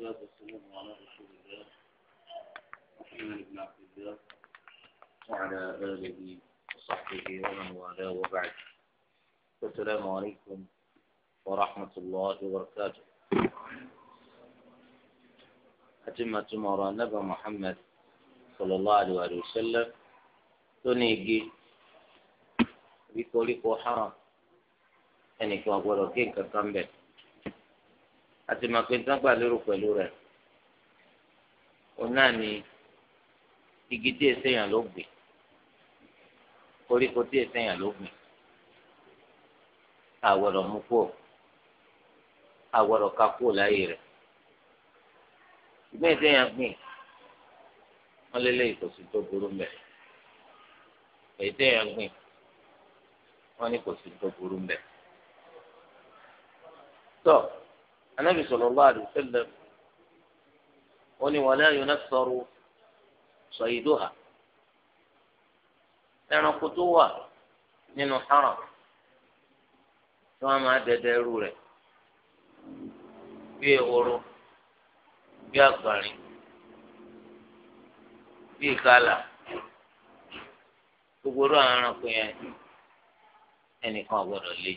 والصلاة والسلام على رسول الله محمد بن عبد الله وعلى آله وصحبه ومن والاه وبعد السلام عليكم ورحمة الله وبركاته أتمة مرة نبى محمد صلى الله عليه وسلم تنيجي بكل حرام أنك أقول لك كم بيت àti màpé nǹkan gbà lérò pẹ̀lú rẹ̀ òun náà ni igi tí èsè yàn ló gbìn koríko tí èsè yàn ló gbìn àwọ̀rọ̀ mú kúò àwọ̀rọ̀ ká kúò láyé rẹ̀ ìgbẹ́ èsè yàn gbìn wọ́n lé léyìí kò tó burú mbẹ̀ èsè yàn gbìn wọ́n ní kò tó burú mbẹ̀ tọ́. So, anabi sallallahu alaihi wasallam ó ní wala yunassaru sayyiduha ẹranko tó wà nínú haram tí wọn máa dẹdẹ irú rẹ̀ bí ehoro bí àgbàrin bí ìkálà gbogbo ọ̀rọ̀ àwọn ẹranko yẹn ẹnìkan ò gbọ́dọ̀ lé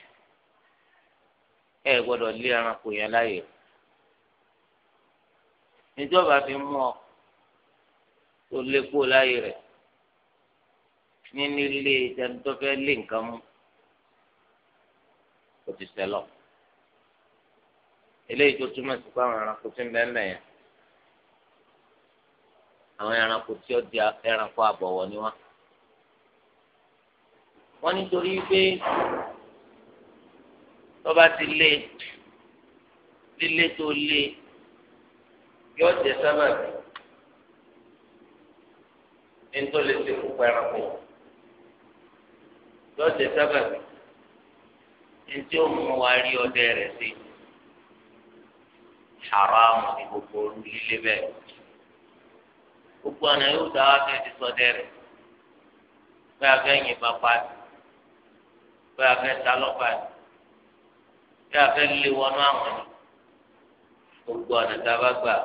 ẹ gbọ́dọ̀ lé ẹranko yẹn láàyè níjọba fi mú ọ tó lé kó láàyè rẹ ní nílé ìtẹnu tó fẹ́ lé nǹkan mú kò ti sẹlọ eléyìí tó túmọ̀ sí pé ẹranko ti ń bẹ́ẹ̀ mẹ́yẹn àwọn ẹranko tí ó di ẹranko àbọ̀wọ̀ ni wọ́n wọ́n nítorí pé tọ́ba ti lé lílé tó lé yọ jẹ sábàbí nítorí ti kú pẹranko yọ jẹ sábàbí ntí ó mú wa rí ọdẹ rẹ̀ sí haramu ní gbogbo lílé bẹ́ẹ̀ gbogbo ọ̀nà yóò dá wa fẹ́ẹ́ ti ṣọdẹ rẹ̀ bẹ́ẹ̀ afẹ́ yìnbọn pa bẹ́ẹ̀ afẹ́ ta lọ́pàá ni tí a fẹ́ lé wọnú àwọn ni gbogbo ọ̀nà tá a bá gbà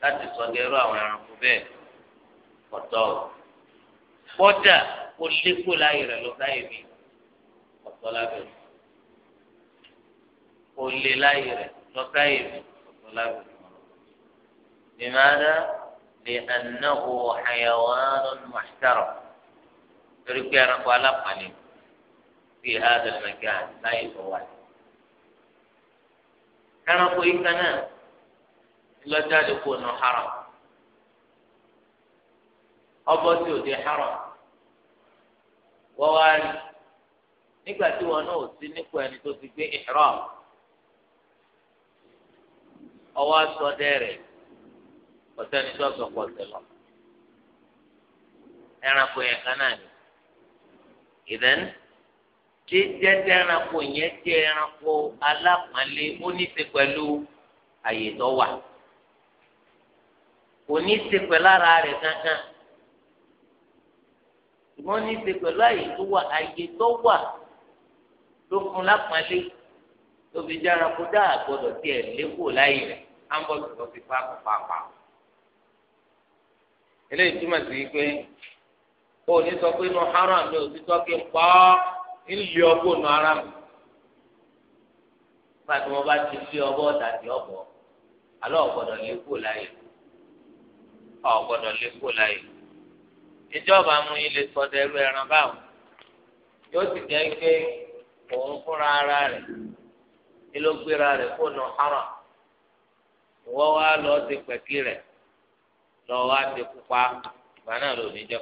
láti sọ dẹrú àwọn ẹranko bẹ́ẹ̀ ọ̀tọ̀ kọ́dà kó lékò láyè rẹ̀ lọ sáyè mi ọ̀tọ̀ lábẹ́ kó lé láyè rẹ̀ lọ sáyè mi ọ̀tọ̀ lábẹ́ bìmọ̀dá lè ànáwó hayawaanun muhtara torí pé ẹranko alápàlẹ̀ fi hàdà mẹ́kà láyè ẹranko yìí kan náà lọ́jáde kó nù haram ọbọ tí ò dé haram wọ́n wá rí nígbà tí wọn náà ò sí nípò ẹni tó ti gbé ihram ọwọ́ sọ dẹ́rẹ̀ ọ̀sẹ́ni tó sọ pọ̀ sẹ́lọ̀ ẹranko yẹn kan náà ni ìdẹ́nu kí jẹjẹ ẹranko yẹn jẹ ẹranko alápọ̀nlé ó ní ṣe pẹ̀lú àyè tó wà kò ní ṣe pẹ̀lú ara rẹ̀ kankan ṣùgbọ́n ní ṣe pẹ̀lú àyè tó wà àyè tó wà ló fún lápọ̀nlé tó fi jẹ ẹranko dáa gbọdọ̀ tiẹ̀ lékòó láyè rẹ̀ á tó fi pa pàápàá eléyìí túmọ̀ sí pé kó ní sọ pé inú haram ni òtítọ́ kí n pa ńlẹ ọgbó nù ara mi nígbà wọn bá ti fi ọbọ dàdí ọbọ alọ ọgbọdọ lé kó ọgbọdọ lé kó ìjọba amúyín lè sọdọ ẹrú ẹran báwọn yóò sì jẹ ara kó nù lọ ti pẹkí rẹ̀ lọ wá ti pupa ìgbà náà ní jẹ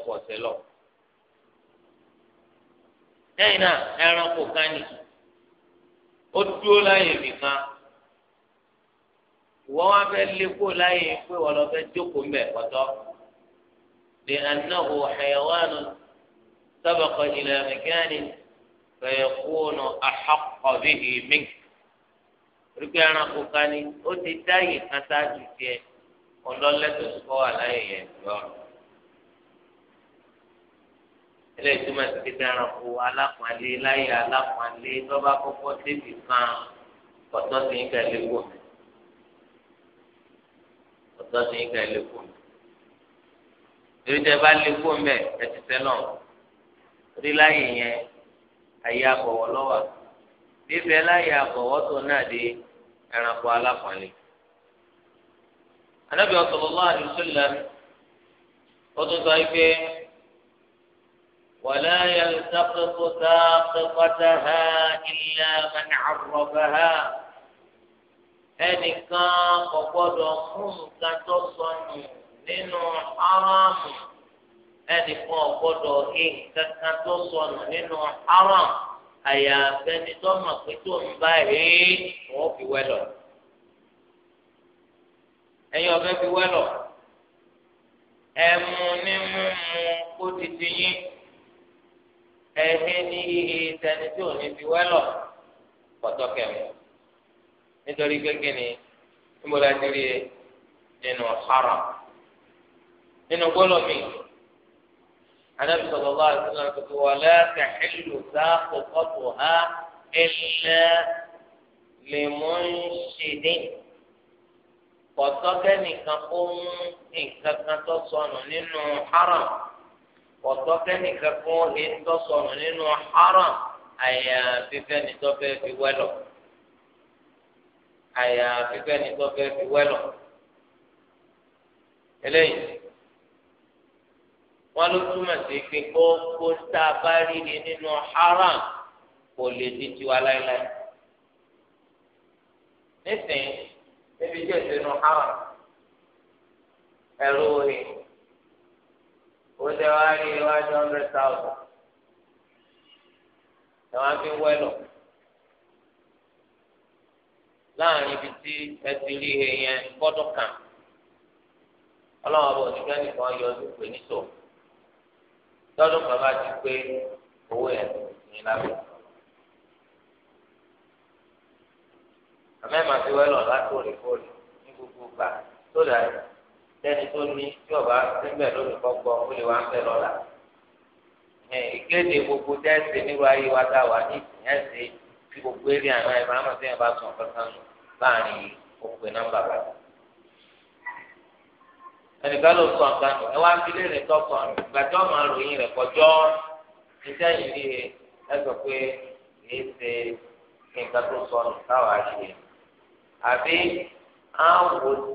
lẹ́yìn náà ẹranko kan ni ó dúró láyè mi kan ìwọ wá fẹ́ lé kó láyè pé wọ́n lọ fẹ́ jókòó mbẹ pọ̀tọ́ lè anáwó xẹ̀wánu sábàkọ̀ ilẹ̀ mẹkáni fẹ̀yẹ̀kúnù àxàkọ̀ bíi mink rúgbẹ́ ẹranko kan ni ó ti dáyè kan sáájú tiẹ̀ ọ̀dọ́ lẹ́tọ̀ọ́ wà láyè yẹn lọ́rùn eléyìí tó máa ti fi dára fún alápọ̀nlé láyé alápọ̀nlé lọ́ba kọ́kọ́ débi kan ọ̀tọ́ sí ń kẹ́lé kù mí ọ̀tọ́ sí ń kẹ́lé kù mí torí tẹ bá lé kù mí ẹ ti tẹ́ náà torí láyé yẹn ayé àbọ̀wọ́ lọ́wọ́ bíbẹ́ láyé àbọ̀wọ́ tó náà di ẹranko alápọ̀nlé anábìyàn sallallahu alaihi wasallam ó sọ yìí ولا يلتقط ساقطتها إلا من عرفها ẹnìkan kò gbọdọ̀ mú nǹkan tó sọnù nínú haramu ẹnìkan kò gbọdọ̀ hí nǹkan kan tó sọnù nínú haram àyàfẹ́ni tó mọ̀ pé tó ń bá rí wọ́n fi wẹ́lọ̀ ẹ̀yin ọ̀fẹ́ fi wẹ́lọ̀ ẹ̀mú ní mímú kó ti ti yín ẹ̀hẹ́ ní iye tẹni tí ò ní fi wẹ́lọ̀ pọ̀tọ́ kẹ̀mí nítorí gbẹ́gẹ́ ni níbọ̀dá ti rí e nínú haram nínú gbọ́dọ̀ mi anábì sọ̀rọ̀ bá a sọ̀rọ̀ tuntun wà lẹ́ẹ̀kẹ́ ìlú sáàpọ̀ pọ̀tù ha ilẹ̀ lèmọ́nṣẹ́dẹ́ pọ̀tọ́ kẹ́nìkan ó mú nǹkan kan tó sọnù nínú haram ọ̀tọ́ fẹ́nìkan fún ìtọ́sọ̀nù nínú haram àyà fífẹ́ni tó fẹ́ fi wẹ́lọ̀ àyà fífẹ́ni tó fẹ́ fi wẹ́lọ̀ eléyìí wọn ló túmọ̀ sí pé gbogbo tá a bá rí ni nínú haram kò lè di tiwa láéláé nísìnyí níbi jẹ́ ìsinú haram ẹ̀rọ òye. ó lé wá rí iwájú hundred thousand ẹ wá fi lọ. láàrin ibi tí ẹ ti rí ihe yẹn gbọ́dọ̀ kan ọlọ́run ọba òṣìṣẹ́ nìkan yọ ọdún pé nítò lọ́dún kan bá ti pé owó yẹn ní lábẹ́. àmọ́ ẹ̀ fi ní gbogbo gbà tó dáa. tẹ́ni tó ní tí ọba síbẹ̀ lónìí kọ́ gbọ́ ó lè wá ń bẹ̀ lọ́la. ìkéde gbogbo tẹ́sí nírú ayé wa tá a wà ní ìsìnyẹ́sì tí gbogbo eré àná ẹ̀ máa mọ̀ sẹ́yìn bá sùn kankan nù láàrin òpè nọ́mbà bàbá. ẹnìkan ló sọ nǹkan nù ẹ wá fi léèrè tọkọ nù ìgbà tí wọn máa ròyìn rẹ kọjọ iṣẹ́ yìí rí ẹ sọ pé kì í ṣe nǹkan tó sọ nù táwa ṣe àbí àwọn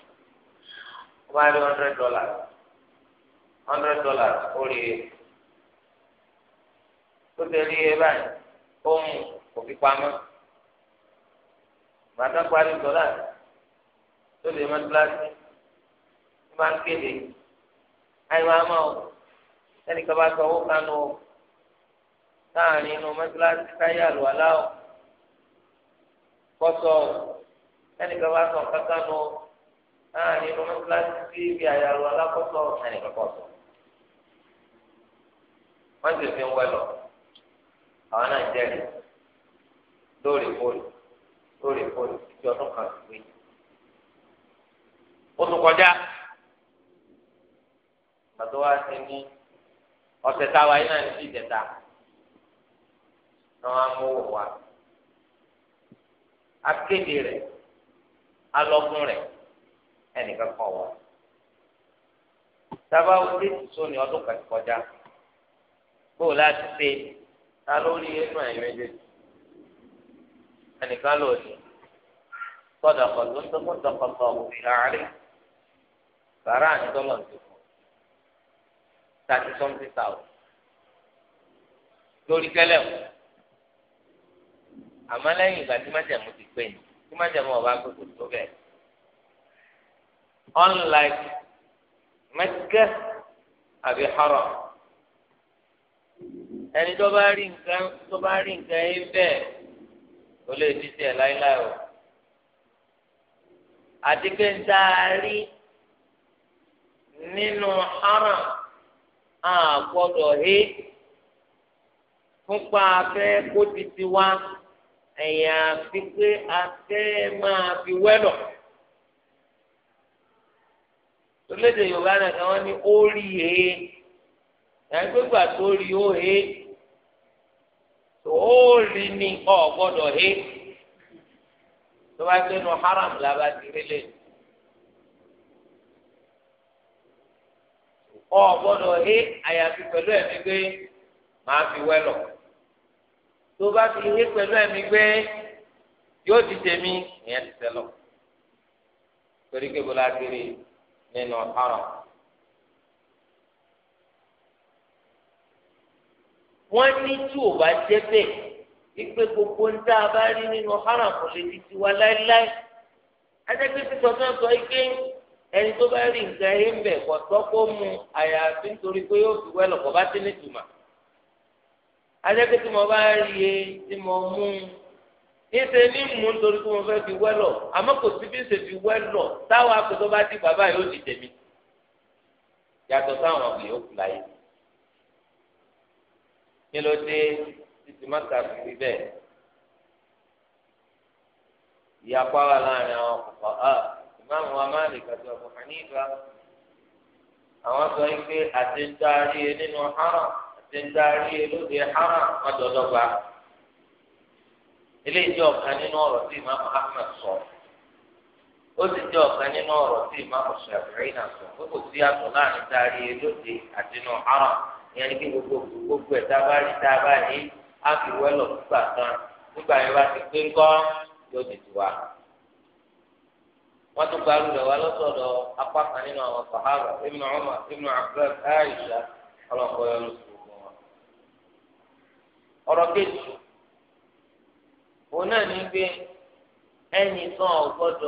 ó bá rí hundred dollars hundred dollars ó rí e ó ti rí e báyìí ó mú kò fi pamọ́ bàtà parí dollars tó lè mọ gíláàsì ó máa ń kéde àyè máa mọ o ẹnì kan bá sọ owó kanu o láàrin inú mọ́tíláṣí káyà lù aláwọ̀ kọ́sọ̀ ẹnì kan bá sọ kankan nu o láàrin irun mọ́sálásí sí ibi àyàrò alákọ̀ọ́sọ ẹnìkọ̀kọ̀ sọ. wọ́n sì fi ń wẹ́ lọ àwọn náà jẹ́rìí lóòrèkóòrè lóòrèkóòrè títí ọdún kan sí pé ó tún kọjá pàtó wá sí ní ọ̀sẹ̀ táwa yìí náà ní sí ìjẹta náà wọ́n á mú wò wá akéde rẹ̀ alọ́gùn rẹ̀ ẹnìkan kọ wọn sábà wọlé tìṣó ní ọdún kan ti kọjá bóò láti ṣe ta lórí inú ẹ̀yìn méjèèjì ẹnìkan lò ní gbọ́dọ̀ kọ tó ń tọkọ tọkọ tọ òfin àárẹ bàrà àdìdọlọ ti fún thirty something thousand lórí tẹ́lẹ̀ o àmọ́ lẹ́yìn ìgbà tí májàmú ti pè ní tí májàmú ọba gbogbo tó bẹ́ẹ̀ unlike Mẹ́kà àbí haram ẹni tó bá rí nǹkan tó bá rí nǹkan yín bẹ́ẹ̀ kò lè di tiẹ̀ láéláé o àti pé ń tá a rí nínú haram a gbọ́dọ̀ hé fúnpa afẹ́ kó ti wá ẹ̀yà àfi pé afẹ́ máa fi wẹ́lọ̀ orílẹ̀-èdè yorùbá náà kan wọ́n ní ó rí he ẹgbẹ́gbà tó rí ó he ó rí ni ọ̀ gbọ́dọ̀ he tó bá gbé nu haram la bá ti rí lè. ọ̀ gbọ́dọ̀ he àyàfi pẹ̀lú ẹ̀mí gbé màá fi wẹ́lọ̀ tó bá fi he pẹ̀lú ẹ̀mí gbé yóò ti tèmi ìyẹn ti tẹ lọ torí kébùlà kiri nínú haram. wọ́n ní tí ò bá jẹ́ bẹ́ẹ̀ ìpè gbogbo ń tá a bá rí nínú haram kò lè di tiwa láéláé adẹ́gbẹ́ sísọ náà sọ ike ẹni tó bá rí nǹkan ẹ̀yẹ ń bẹ̀ kọ́ tọ́ kó mu àyàfi nítorí pé yóò fi wẹ́lọ̀ kọ́ bá tẹ́lẹ̀ tùmà adẹ́gbẹ́ tí mo bá rí e tí mo mú un níṣẹ́ ní mú nítorí pé mo fẹ́ fi wẹ́lọ̀ àmọ́ kò sí bí ń ṣe fi wẹ́lọ̀ táwọn akọ̀tọ́ bá di bàbá yóò di tèmi yàtọ̀ sáwọn ọ̀gbìn yóò kú láyé kí ló dé títí mọ́tà fi rí bẹ́ẹ̀ ìyapa wà láàrin àwọn ọkọ̀ ọ̀ ah, ah, ìmáàmù wa kàtó ọ̀bù hànífà àwọn sọ pé àti ń darí e nínú haram àti ń darí e lóde haram wọ́n dọ̀dọ̀ gba. eléyìí jẹ́ ọ̀kan nínú ọ̀rọ̀ tí ìmáàmù Ahmad sọ ó sì jẹ́ ọ̀kan nínú ọ̀rọ̀ tí ìmáàmù Shafi'i náà sọ pé kò sí àtọ̀ láàrin dárí e lóde àti inú haram ìyẹn ní kí gbogbo gbogbo rí á fi ti pé yóò di tiwa. wọ́n tún gba lọ́sọ̀dọ̀ apá kan nínú àwọn sàhábà òun náà ní pé kan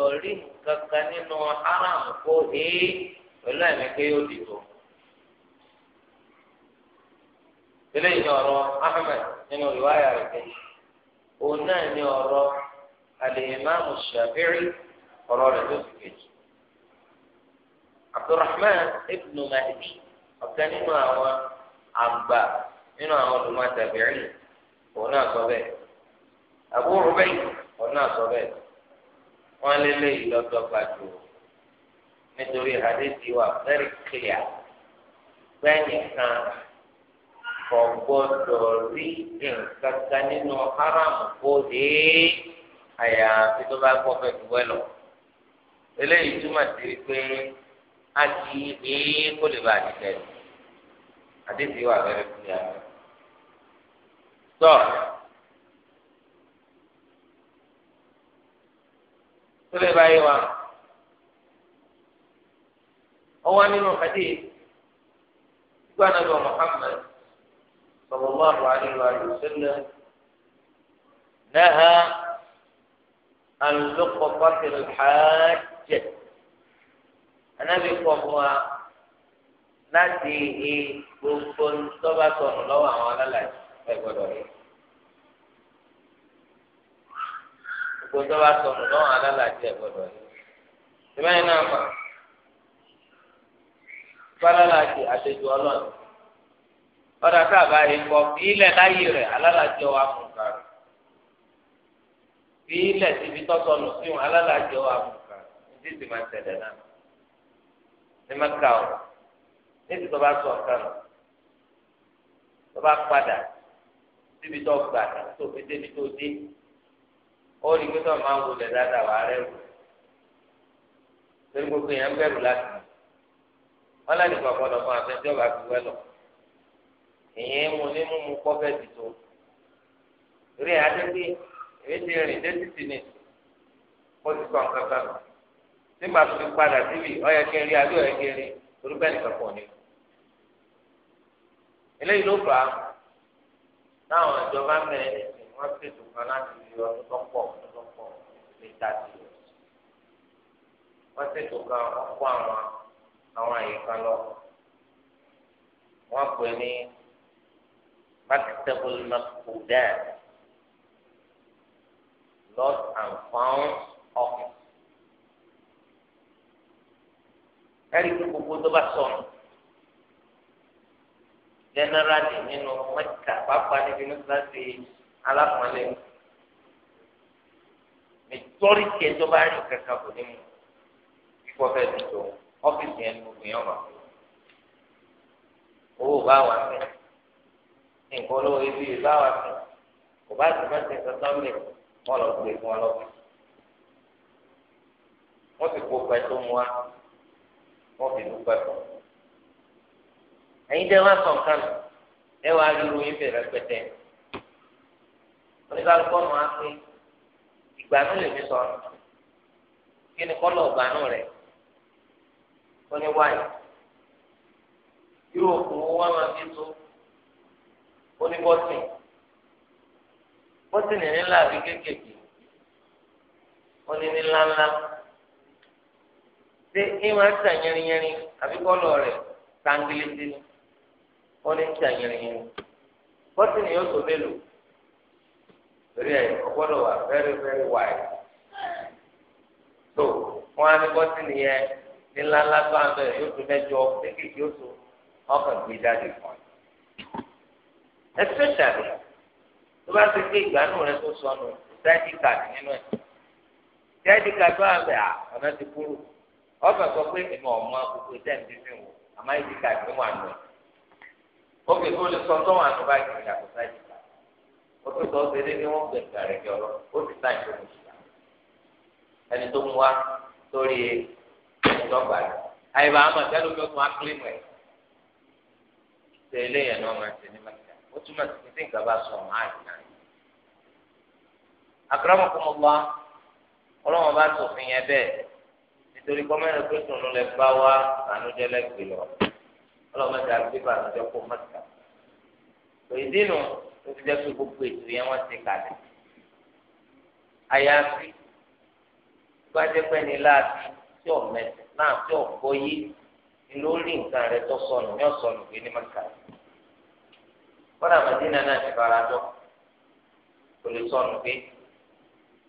ò rí nǹkan kan nínú haram kó hé pẹ̀lú ẹ̀mí pé yóò dìbò. eléyìí ahmed nínú náà ni ọrọ al-imam ọrọ ọ̀rọ̀ tó sì kejì. abdulrahman ibn mahdi nínú àwọn àgbà nínú àwọn sọ àbúrò bẹ́ẹ̀ ọ̀nà àsọ bẹ́ẹ̀ wọ́n lé léyìí lọ́dọ̀ gbàdúró nítorí hadithi wa very clear gbẹ́yìn kan kò gbọ́dọ̀ rí nǹkan nínú haram kó dé àyàfi tó bá gbọ́ fẹ́ fi wẹ́ lọ. eléyìí túmọ̀ sí pé a kì í é kó lè bá àdìsẹ́ hadithi wa very clear. So, tó lè bá yé wa ọwọ́ nínú hadith gbọ́ anábọ̀ Muhammad sallallahu alaihi wa sallam naha an luqatil hajj anábì kọ̀ wa láti gbogbo ntọ́ba sọ̀rọ̀ lọ́wọ́ àwọn alálàyé ẹ̀ gbọ́dọ̀ gbogbo bá sọnù náà alálàájẹ gbọ́dọ̀ yìí sìmẹ́yìn náà mà fálálàájẹ àtẹjù ọlọ́ọ̀ni ọ̀dà káàbá rẹ̀ kọ fi ilẹ̀ láyé rẹ̀ alálàájẹ wa fún ká rẹ̀ fi ilẹ̀ síbi tọ́sọnù sí wọn alálàájẹ wa fún ká rẹ̀ ní ti máa tẹ̀lé náà ní mẹ́ka o ní ti tó bá sọ ọ̀kan o tó bá padà síbi tó gbà tó fi débi tó dé. ó rí pé sọ máa ń wulẹ̀ dáadáa wà á rẹ̀ wù torí gbogbo yẹn ń bẹ̀rù láti mọ̀ wọn láti gbọ́ ọ̀pọ̀lọpọ̀ fún abẹ́jọ́ bá fi wẹ́ lọ èyí ń ní mímu kọ́ fẹ́ ti tó rí adébí èyí ti rìn dé títì ti kọ́ nǹkan kan nígbà tó fi padà síbi wọ́n ṣètò kan láti fi ọdún tó pọ̀ ọdún tó pọ̀ lè ta sí i. wọ́n ṣètò kan ọ̀pọ̀ àwọn àwọn àyíká lọ. wọ́n pè ní Maktabul Maqbudat lost and found office. ẹ̀rí kí gbogbo tó bá sọnù generally nínú mẹ́ta pàápàá níbi mọ́tíláṣí alákùnrin nítorí tí ẹjọ́ bá rìn kankan kò ní mu kíkọ́ fẹ́ ti tó ọ́fíìsì yẹn ní gbìyànjú ọ̀rọ̀ owó bá wà fún nǹkan olówó ibi bá wà fún kò bá ti máa ti kankan lè wọ́n lọ gbé wọn lọ fún wọ́n ti kó pẹ́ tó mu wá wọ́n fi dúpẹ́ fún ẹ̀yin dẹ́ wá sọ̀kan ẹ wá rí irú yín fèrè pẹ̀tẹ́ oníkálukọ́ nù á pé ìgbàanú lèmi sọ̀rọ̀ kí ni kọ́lọ̀ ìgbàanú rẹ̀ ó ní wáyé irú òkú wọn máa fi tó ó ní bọ́tìn bọ́tìn nílá àbí kéékèèké ó ní níláńlá ṣé ìwọ̀n ń tàn yẹrinyẹrin àbí kọ́lọ̀ rẹ̀ tangilisi ó ní ń tàn yẹrinyẹrin bọ́tìn yóò tó mélòó. torí ẹ ọgbọ́dọ̀ wà very very wide so wọn á ní bọ́tì nìyẹn ní ńláńlá tó yóò tún mẹ́jọ kéékèèké yóò tún ọkàn gbé jáde fún especially tó bá ti gbé ìgbàanú rẹ tó sọnù dájú kàdé nínú ẹ dájú kàdé wà bẹ ọ̀nà ti kúrò ọkàn sọ pé ìmọ̀ ọ̀mọ́ gbogbo dẹ́ẹ̀dì fi wò àmọ́ ìdíkà ìfẹ́ wà nù ẹ ó fi kó lè sọ tó wà nù báyìí ìyàtọ̀ sáyé kàdé. ó tún sọ ṣe dé ní wọn pè nǹkan rẹ kí ọlọ ó ti sáì tó mu ṣùgbọ́n ẹni tó mu wá sórí ìjọba rẹ àyèbá àmọ́ sẹlẹ omi ọtún akílímù ẹ ṣe eléyàn náà máa ṣe ní mẹ́ta ó túmọ̀ sí títí nǹkan bá sọ ọmọ àyè náà àkàràmọ kọmọ wá ọlọ́wọ́n bá sòfin yẹn bẹ́ẹ̀ nítorí kọ́mẹ́rin tó tún lẹ bá wá ànújẹ́ lẹ́gbẹ̀ẹ́ lọ ọlọ́wọ́n bá àgbébà ànújẹ́ kó mọ́ta òyìnbí nù. ó fi jẹ́ pé gbogbo ètò yẹn wọ́n ti kalẹ̀ àyàfi gbájẹ́ pé láti tí ò mẹ́sì náà tí ò gbóyé ni lórí nǹkan rẹ tó sọnù ní ọ̀sọ̀nù gbé ní mẹ́ta kọ́dà màdínà náà ti bára jọ kò lè sọnù gbé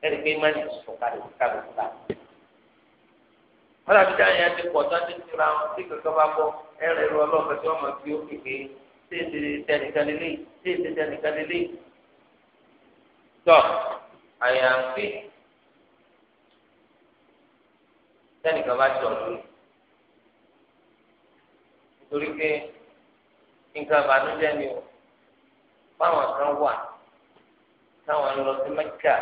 ẹni pé má ní ìsòkò kalẹ̀ kíkàlẹ̀ kọ́dà yẹn ti pọ̀ tó ti tura wọn tí bá ẹ̀rẹ̀ ṣé èsì tẹnìkan lélẹ̀ ṣé èsì tẹnìkan bá jọ lórí nítorí pé nǹkan àbánújẹ́ ni o báwọn kan wà táwọn ń lọ sí mẹ́kà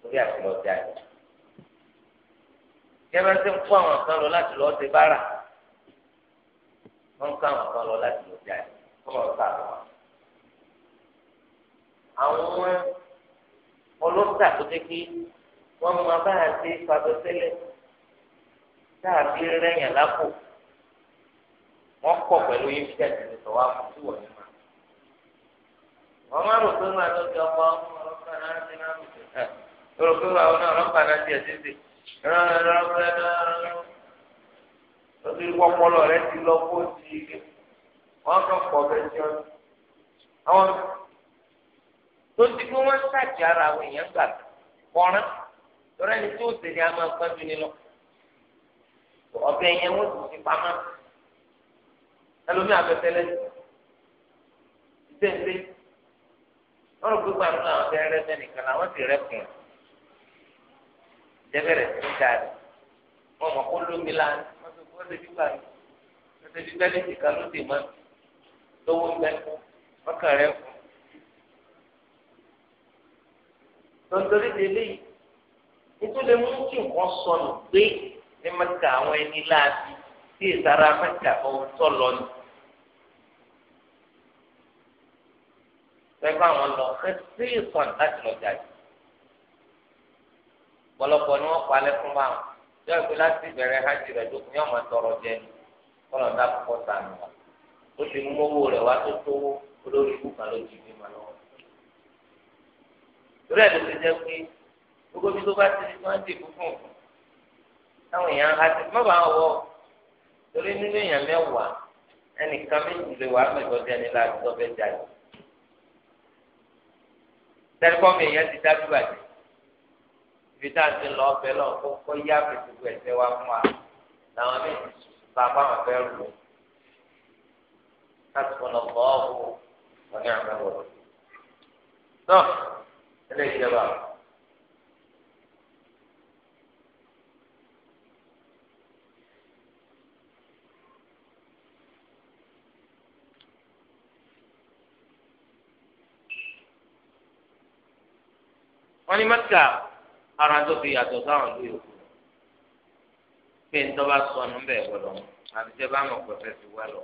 lórí àtìlọ́jà yìí yẹ́nbẹ́ ti ń kó àwọn kan lọ láti lọ́ọ́ ti bára wọ́n ń kó àwọn kan lọ láti lọ́ọ́ jáde. kọlọ ta lọ àwọn ọlọ́sà tó dé pé wọ́n máa bá a ṣe fagọ́sẹ́lẹ̀ tàbí lápò wọ́n pẹ̀lú fún tí ma. wọ́n máa rò pé wọ́n ọmọ ọlọ́pàá wọn kàn pọ̀ bẹ́ẹ̀ tí wọn àwọn tó ti kí wọn ṣàjì ara àwọn èèyàn gbà kọrin lọ́rọ̀ ẹni tí ó ṣe ni a máa pẹ́ ju nínú ọ̀bẹ yẹn wọ́n ti fi pamọ́ ẹlòmíì abẹ́tẹ́lẹ́ ṣẹ́ńṣẹ́ wọ́n rò pé gbàgbọ́ àwọn ọ̀bẹ rẹ nìkan làwọn ti rẹ kùn jẹ́bẹ̀rẹ̀ sí ní dáadé wọ́n mọ̀ kó lómi lánàá wọ́n ti fi gbàgbọ́ wọ́n ti fi ti kan ló mọ́tò lówó ń bẹ ọkàn rẹ kù. tọ́tọ́rí délé yìí nítorí mú kí nǹkan sọnù gbé ní mẹ́ta àwọn ẹni láàbí tí ìsara mẹ́ta ọ̀tọ̀ lọ ni. pẹ̀lú àwọn lọ ṣe sí ìsọ̀n láti lọ jáde. ọ̀pọ̀lọpọ̀ ni wọ́n palẹ̀ fún báwọn. yọ ìpè láti bẹ̀rẹ̀ hajj rẹ̀ lókun yóò máa tọrọ jẹ kọ́lọ̀ ń dá sànù wọn ó ti mú owó rẹ̀ wá tó tówó olórí kúkà ló ti fi máa lọ́wọ́. torí ẹ̀ ló ti jẹ́ pé gbogbo ibi tó bá ti di wọ́n dì fúnfún táwọn èèyàn á ti má bàa wọ torí nínú èèyàn mẹ́wàá ẹnìkan méjì lè wàá mẹ́tọ́ jẹ́ ní láti tọ́fẹ́ jà yìí. tẹlifọ́ọ̀mù èèyàn ti dájú bàjẹ́ ibi tá a ti lọ ọbẹ̀ lọ kó yá fi gbogbo ẹ̀sẹ̀ wa fún wa làwọn méjì bàbá wọn fẹ́ rù ú. حسبنا الله ونعم الوكيل صح ليس بقى wọ́n ní mẹ́ta ara tó fi yàtọ̀ sáwọn ìlú yòókù pé ń tọ́ bá sọnù ń bẹ̀ gbọ́dọ̀ àti tẹ́ bá mọ̀ pẹ̀fẹ́ ti wá lọ.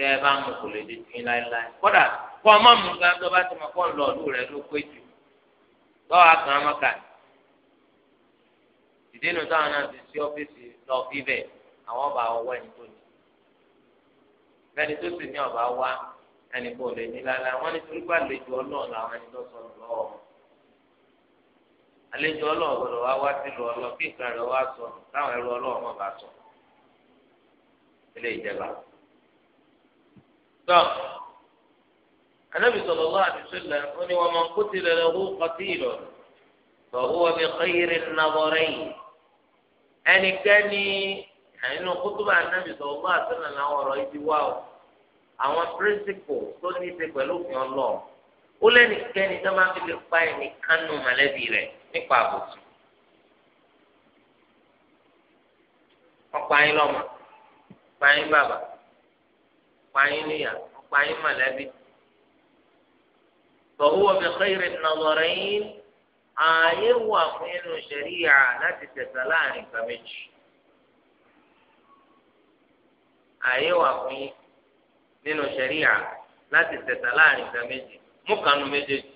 tẹ ẹ bá mú kò lè di tìyín láéláé kódà kó ọmọ mú gan tó bá ti mọ kó ń lọ ọdún rẹ ló pé jù lọ́wọ́ àkàn amọ́kà ìdènà táwọn náà ti sí ọ́fíìsì lọ bíbẹ̀ àwọn ọba ọwọ́ ẹni tó ní ẹni tó sì ní ọba wá ẹni kò lè ní láéláé wọ́n ní torí gbàlejò ọlọ́run làwọn ẹni tó sọnù lọ́wọ́ àlejò ọlọ́run gbọ́dọ̀ wá wá sílùú ọlọ́run kí nǹkan rẹ̀ wá sọnù tọ́ anabi sallallahu alaihi wasallam ó ní wọn máa ń kó tilẹ̀ lọ́wọ́ kọtí ìlọ fọwọ́ bí xeyìrì nàbọ̀rẹ́ yìí ẹnikẹ́ni àyínú kótóbá anabi sallallahu alaihi wasallam làwọn ọ̀rọ̀ yìí ti wá o àwọn pírísìpù tó ní í ṣe pẹ̀lú òfin ọlọ́ọ̀ ó lẹ́nìkẹ́ni tó máa fi lè pa ẹnìkan nù mọ̀lẹ́bí rẹ̀ nípa àbòsí. wọ́n pa yín lọ́mọ pa bàbá ọ̀pá yín níyà ọ̀pá yín mọ̀lẹ́bí. tọ̀húwọ̀ bí xeyìrì nàlọ́rẹ́ yín ààyè wà fún inú sẹ̀ríyà láti tẹ̀sán láàrin nǹkan méjì. ààyè wà fún yín nínú sẹ̀ríyà láti tẹ̀sán láàrin nǹkan méjì mú kanu méjèèjì.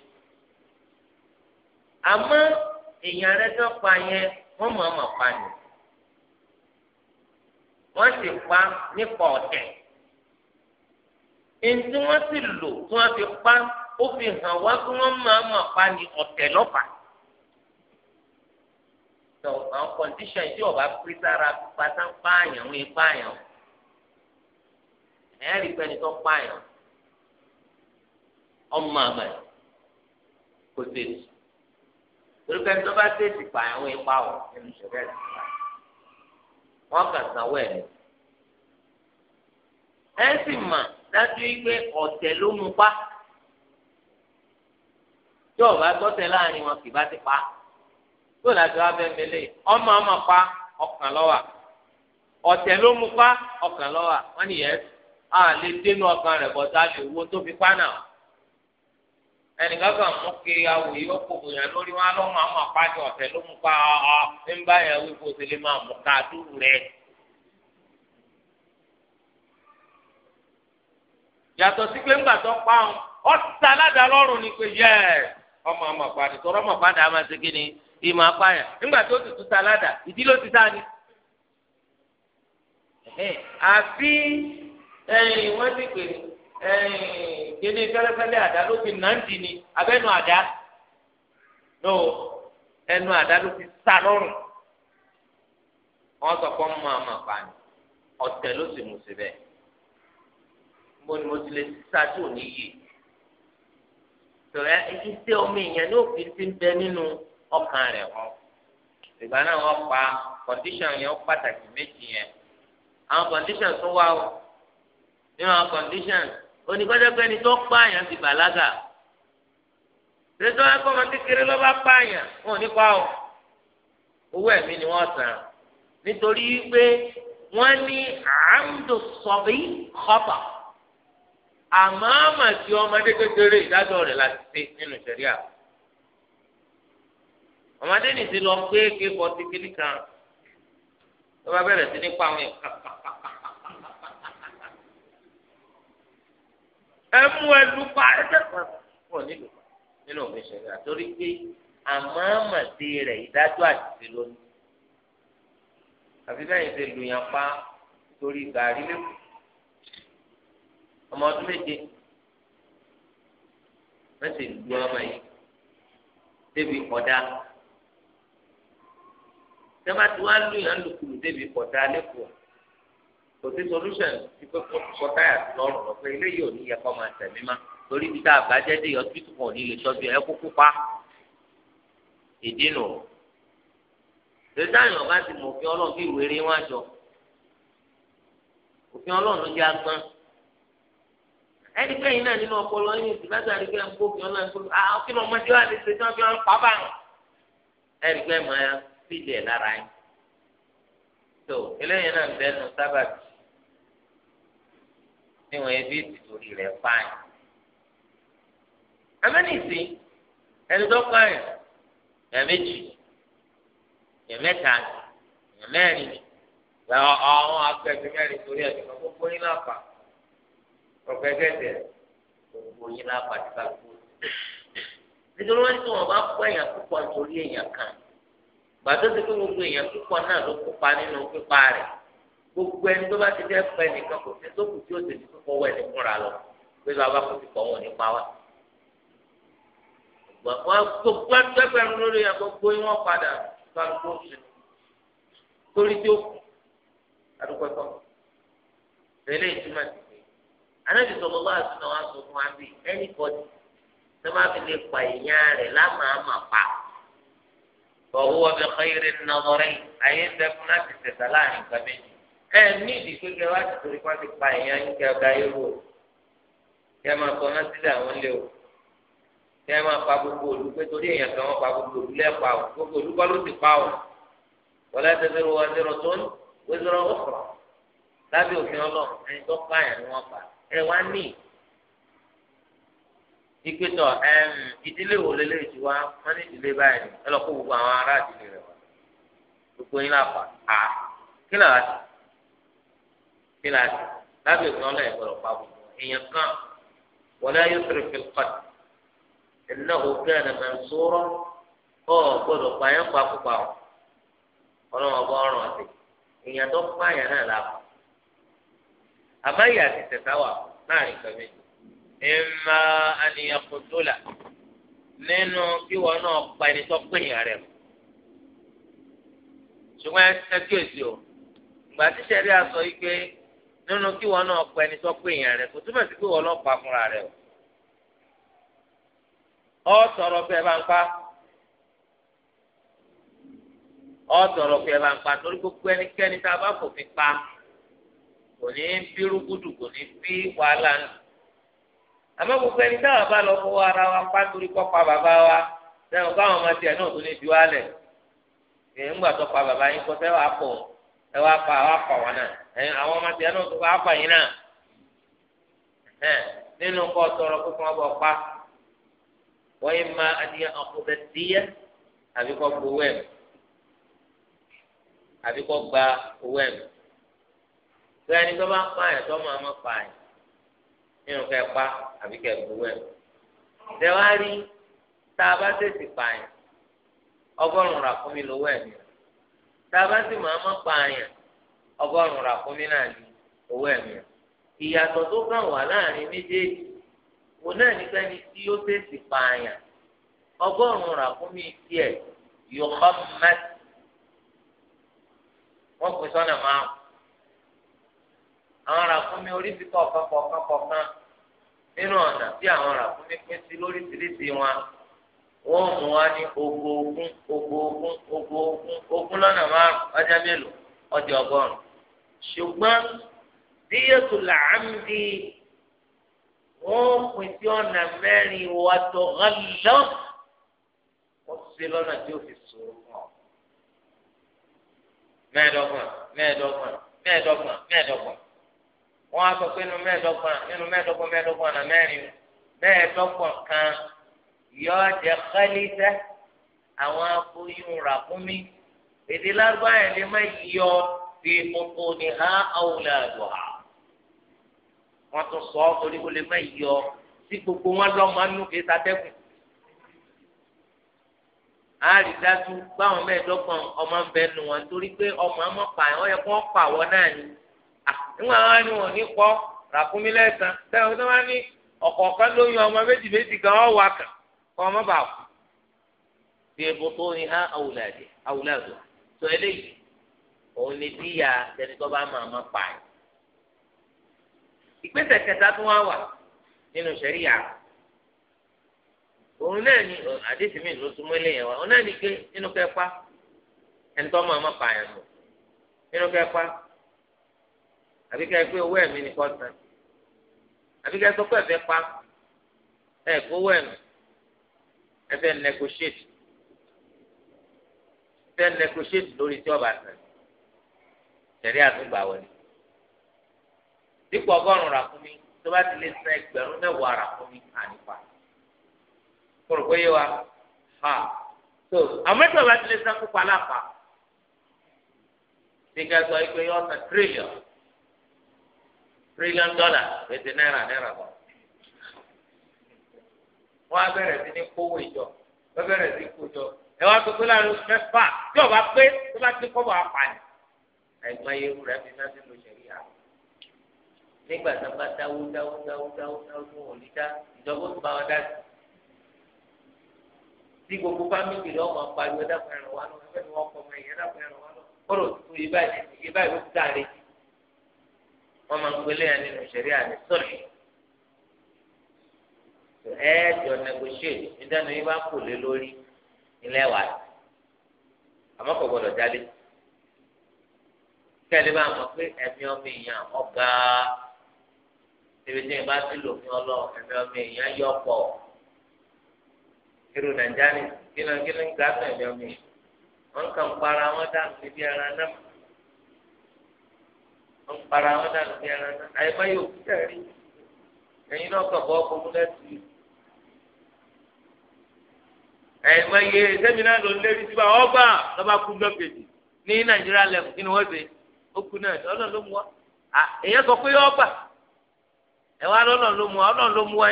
àmọ́ èèyàn rẹ̀ tó pa yẹn wọ́n mọ̀ ọ́n mọ̀ pa ni wọ́n sì pa nípa ọ̀tẹ̀ èntì wọn sì lò tí wọn fi pa ó fi hàn wá kí wọn máa mà pa ní ọ̀tẹ̀ lọ́pàá tó àwọn kọ̀ǹdíṣàn tí ọba pín sára pátá pààyàn ń pààyàn ẹ̀yà rí pẹ́ni tó pààyàn ọmọ àmà kò tètè torí pẹ́ni tó bá tètè pààyàn ń pa ọ̀ ẹnu ṣẹ̀fẹ̀ rẹ̀ wọ́n kà sanwó ẹ̀ ẹ̀ sì mà. dájú wípé ọ̀tẹ̀ ló mú pa tí ọba gbọ́tẹ̀ láàrin wọn kì bá ti pa tó láti wá mẹ́lẹ̀ ọmọ ọmọ pa ọkàn lọ́wà ọ̀tẹ̀ a lè dénú ọkàn rẹ̀ bọ́tà lè wo tó fi pa náà ẹnìkan kan mú kí yìí lórí wọn àwọn ọ̀tẹ̀ ló mú pa ọ̀ ń yàtọ̀ sí pé ńgbà tó pa ọ́n ọ̀sà ni pé yẹ ọmọ ọmọ padà tọrọ ọmọ kí ni ìmọ̀ apáyà ńgbà tó ti tún ta aládàá ti sáà àfi wọ́n ti pè kíni fẹ́lẹ́fẹ́lẹ́ àdá ló fi nàǹdì ni abẹ́nu àdá no ẹnu àdá ló fi ọ̀tẹ̀ mo ni mo ti lè sá tí ò ní yé tòlẹ́ iṣẹ́ omi ìyẹn ní òfin ti ń bẹ nínú ọkàn rẹ̀ wọn ìgbà náà wọ́n pa condition yẹn pàtàkì méjì yẹn àwọn condition tó wá o nínú àwọn condition onígbàdàgbẹ́ni tó pààyàn ti bàlágà tẹ̀sán ẹ̀kọ́ ọmọ kékeré ló bá pààyàn wọn ò ní pa o owó ẹ̀mí ni wọ́n san nítorí pé wọ́n ní àmdùsọ̀bí kọ́pà àmọ́ àmà tí ọmọdé kékeré ìdájọ́ rẹ̀ láti ṣe nínú ìṣẹ̀rí à. ọmọdé nì ti lọ pé ké fọtí kiri kan tó bá bẹ̀rẹ̀ sí ní pa àwọn ẹ̀ka pàpàpà. ẹ mú ẹlú pa ẹsẹ̀ kan pọ̀ nílùú nínú òfin ìṣẹ̀rí à torí pé àmọ́ àmà tí rẹ̀ ìdájọ́ àtìsí lónìí. àfi bẹ́ẹ̀ ni ṣe lùyàn pa torí gàrí lẹ́kọ̀ọ́ ọmọ ọdún méje wọ́n sì lu ọmọ yìí débi kọ̀dá tẹ́lá tí wọ́n á lù yàn lùkùlù débi kọ̀dá lẹ́kọ̀ọ́ kò sí solution ti pé kó sọ táyà lọ́rùn lọ pé eléyìí ò ní yẹ kó máa tẹ̀mí má torí bí tá a bá jẹ́ dé hospital kan ò ní lè tọ́jú ẹ kúkú pa ìdínà o tẹ̀sán ìyàn bá ti mọ̀ òfin ọlọ́run bí ìwé rí òfin ọlọ́run ló jẹ́ agbọ́n ẹni pé yín náà nínú ọpọlọ yín ti látàrí pé ẹnkó ah, fi ọlọ́run kó àwọn kí wọn mọdé wà lè ṣe tí wọn fi wọn pa bá wọn. ẹni pé mọ ya sí ilé lára yín. tó eléyìí náà ń bẹnu sábàbí níwọ̀n ebi ìtòrí rẹ̀ fáyìn. amẹ́nìsì ẹni tó fáyìn ẹ̀ méjì ẹ̀ mẹ́ta ẹ̀ mẹ́rin ẹ̀ ọ̀hún akẹ́kẹ́ mẹ́rin torí ẹ̀ tó gbogbo yín náà fà ọ̀pẹ gẹ́gẹ́ gbogbo yín náà pàdé bá gbó. nítorí wọ́n ti wọ́n bá kó èèyàn púpọ̀ nítorí èèyàn kan gbàtó ti pé gbogbo èèyàn púpọ̀ náà ló kópa nínú pípa rẹ̀ gbogbo ẹni tó bá ti dẹ́ pẹ́ nìkan kò sí sókùn tí ó ti di púpọ̀ wẹ̀ ní fúnra lọ pé bàbá kò ti pọ̀ wọn nípa wa. gbogbo ẹgbẹ̀rún lórí yẹn gbogbo yín wọ́n padà gbàgbó sínú torí tí ó kù adúgbò ẹ̀kọ́. eléyìí túmọ̀ sí anábì sọ̀rọ̀ bá àtúnà wa sọ fún wa bí ẹnì kọ́ni tó bá fi lè pa èèyàn rẹ̀ lámàámà pa bọ̀wọ́ wọn bẹ xeyire nọmọrẹ́ ayé ń bẹ fún láti tẹ̀sà láàrin nǹkan méjì ẹ ní ìdíkú kẹ wá ti torí wọn ti pa èèyàn yín kẹ ọ̀gá yóò wò kẹ máa kọ́ náà sílẹ̀ àwọn lé o kẹ máa pa gbogbo òlu pé torí èèyàn kan wọn pa gbogbo òlu lẹ́pa o gbogbo òlu kọ́ ló ti pa o wọlé tẹsẹ̀ wọn zero tó ń wọ́n zero ó òfin ọlọ́run ẹni tó pààyàn ni wọ́n pa e wá ní ìpètọ ìdílé wo lélẹ tí wá wọn ní ìdílé báyìí ẹ gbogbo àwọn ará ìdílé rẹ wá gbogbo yín kí kí pa gbogbo èèyàn kan wọlé ayé sọ̀rọ̀ fi kọ́ ẹ̀nà òkè ẹ̀nà mẹ́sọ́rọ́ pa púpà èèyàn tó pààyàn náà àmọ́ ìyá ti tẹ̀sà wà láàrin kan méjì ìmọ̀ àníyàn kò tó là nínú kí wọn náà pa ẹni tó pè yàn rẹ̀ ṣùgbọ́n ẹ o ìgbà tí sẹ́rí aṣọ yìí pé nínú kí wọn náà pa ẹni tó pè yàn rẹ̀ kò ọ sọ̀rọ̀ bẹ́ẹ̀ bá ń ọ sọ̀rọ̀ bẹ́ẹ̀ bá ń pa torí gbogbo ẹnikẹ́ni tá kò ní bírú gúdù kò ní bí wàhálà ń lò àmọ́ gbogbo ẹni táwọn bá lọ fọwọ́ ara wa pa torí kọ́ bàbá wa sẹ́wọ̀n káwọn ọmọ tiẹ̀ náà tó ní bí wá lẹ̀ ẹ̀yìn ńgbà tó pa bàbá yín kọ́ apọ̀ ẹ wá pa wọn náà ẹ̀yìn àwọn ọmọ tiẹ̀ tó ẹni tó bá ń pààyàn tó máa mọ pààyàn nínú kẹ pa àbí kẹ gbowó ẹ ṣe wá rí tá a bá tètè pààyàn ọgọ́rùn rà fún mi lówó ẹ mi tá a bá sì máa mọ pààyàn ọgọ́rùn rà fún mi náà ní owó ẹ mi ìyàtọ̀ tó kàn wà láàrin méjèèjì òun náà nípa ẹni tí ó tètè pààyàn ọgọ́rùn rà fún mi tiẹ̀ yóò kọ́ mẹ́tì wọ́n pè sọ́nà márùn àwọn ràkúnmí oríṣi kọ̀ọ̀kan kọ̀ọ̀kan kọ̀ọ̀kan nínú ọ̀nà tí àwọn ràkúnmí pín sí lóríṣiríṣi wọn wọ́n mú wa ní ogo ogún ogo ogún ogo ogún ogún lọ́nà márùn ọjà mélòó ọjà ọgọ́rùn ṣùgbọ́n díyẹ̀tù làámdì wọ́n pín sí ọ̀nà mẹ́rin wà tó ọ̀lọ́ wọ́n ṣe lọ́nà tí ó fi sòrò fún ọ mẹ́ẹ̀ẹ́dọ́gbọ̀n mẹ́ẹ̀ẹ́dọ́gbọ̀n mẹ́ẹ̀ẹ́dọ́gbọ̀n mẹ́ẹ̀ẹ́dọ́gbọ̀n wọn á sọ pé inú mẹ́ẹ̀ẹ́dọ́gbọ̀n inú mẹ́ẹ̀ẹ́dọ́gbọ̀n mẹ́ẹ̀ẹ́dọ́gbọ̀n ọ̀nà mẹ́rin mẹ́ẹ̀ẹ́dọ́gbọ̀n kan yọọ jẹ kẹlíṣẹ àwọn aboyún rà fún mi èdè lágbáyé lè má yọ fi kókó ní ha àwùlẹ̀ àdùá wọn tún sọ ọ́ torí kó yọ sí gbogbo wọn lọ́mọ nínú kìí sátẹ́kùn àrídájú báwọn mẹ́ẹ̀ẹ́dọ́gbọ̀n ọmọ ń bẹnu wọn torí pé ọmọ ọmọ pààyàn ó kó pààwọ́ náà ni. nígbà wọn ni wọn ní kọ́ ràkúnmí tó ní ọ̀kọ̀ọ̀kan lóyún ọmọ méjì méjì kan ọ̀ wà kàn kọ́ ọmọ bá wù. bí ebo tó ní tó òun ni bíyà tẹni tó bá máa máa pààyàn. ìgbésẹ̀ kẹta tó wá wà nínú sẹ́ríyà òun náà ni àdéhùn mi ló súnmọ́ eléyàn wa òun náà ni pé nínú kẹpa ẹni tó máa máa pààyàn àbí ká ẹ pé owó ẹ̀mí ni kò san àbí ká ẹ sọ pé ẹ̀fẹ́ pa ẹ̀ kówó ẹ̀mí ẹ̀fẹ́ negotiate ẹ̀fẹ́ negotiate lórí tí ọba san tẹ̀lé àtúgbà wọlé dípò ọgọ́rùn-ún rà fún mi tó bá ti lè san ẹgbẹ̀rún mẹ́wàá rà fún mi ànípa kúrò pé yé wa ha so àmọ́tò bá ti lè san kópa lápá bí ká sọ pé yọ ọ̀sán tírílíọ̀nù tírílíọ̀n dọ́là pété náírà náírà bọ̀. wọ́n á bẹ̀rẹ̀ sí ní kówó ìjọ wọ́n bẹ̀rẹ̀ sí kó jọ ẹ wá gbogbo láàrin oṣù mẹ́fà tí ọba pé tó bá ti kọ́bọ̀ apààyàn. àìmọye irú rẹ̀ fi náà ti lo ṣẹ̀rí àná. nígbà tó bá dáwó dáwó dáwó dáwó dáwó wọn ò ní dá ìjọba ó ti bá wọn dá sí. tí gbogbo fámìlì rẹ̀ ọmọ pariwo dákun ẹ̀rọ wa lọ ẹgbẹ́ ni wọ́n kọ́ ọmọ ìyẹn dákun ẹ̀rọ wa lọ kọ́rọ̀ tuntun yìí báyìí wọn máa ń gbélé yẹn nínú ṣẹ̀ríà ní sọlẹ ẹ jọ negotiate nítorí yín bá kò lé lórí ilé wa àmọ́ kò gbọdọ̀ jáde kẹlẹ bá mọ̀ pé ẹ̀mí ọmọ èèyàn ọgá ibi tí yín bá ti lò fún Ọlọ́run ẹ̀mí ọmọ èèyàn yọ pọ irú nàìjíríà kí ló ń gbà tó ẹ̀mí ọmọ èèyàn wọn kàn para wọn dá níbi ara náà. wọn para wọn dànù bí ara náà àyẹ̀mọ yóò fi tẹ̀rí ẹ̀yin náà kàn bọ́ ọkọ̀ múlẹ̀ tì í. àyẹ̀mọ yẹ sẹ́mi náà ló ń ni ó kú náà ló mú wa sọ pé ọgbà ẹ wá ló mú wa ló mú wa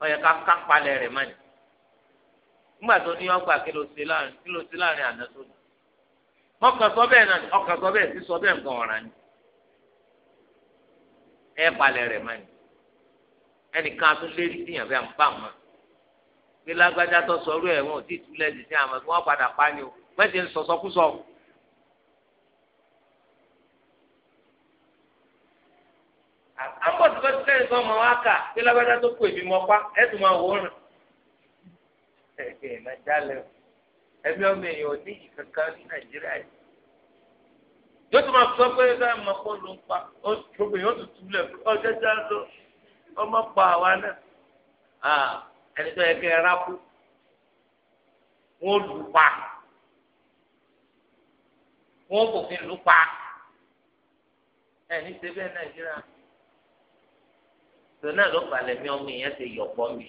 ọyẹ ká nígbà tó ní ọgbà kí ló ṣe láàrin ọkàn sọ bẹ́ẹ̀ náà ọkàn sọ bẹ́ẹ̀ sí sọ bẹ́ẹ̀ nǹkan ọ̀ràn ni ẹ palẹ̀ rẹ̀ mọ́ ni ẹnìkan tún lérí tíyàn bẹ́ẹ̀ ń bà mọ́ pé lágbájá tó sọ ọ̀rọ̀ ẹ̀ wọn ò tí ì túlẹ̀ sí àmọ́ kí wọ́n padà pa ni o mẹ́tì ń sọ̀sọ́kúsọ. àpọ̀tù bá ti kẹ́rin kan mọ̀ wá kà pé lágbájá tó kù èmi mọ́ pa ẹ̀ tún máa wò rìn. ẹ̀ ẹ̀ máa jálẹ̀ o ẹ̀mí ọmọ èèyàn ò ní ìkankan ní nàìjíríà yìí yóò tún máa sọ pé ká mọ kó ló ń pa gbogbo yóò tún túlẹ̀ ọjọ́ já lọ ọmọ pa àwa náà ẹni tó yẹ kẹ́ ẹ rákú wọ́n lù ú pa wọ́n fòfin lù ú pa ẹni ṣe bẹ́ẹ̀ nàìjíríà tòun náà ló balẹ̀ mí ọmọ èèyàn ti yọ̀ pọ̀ mi.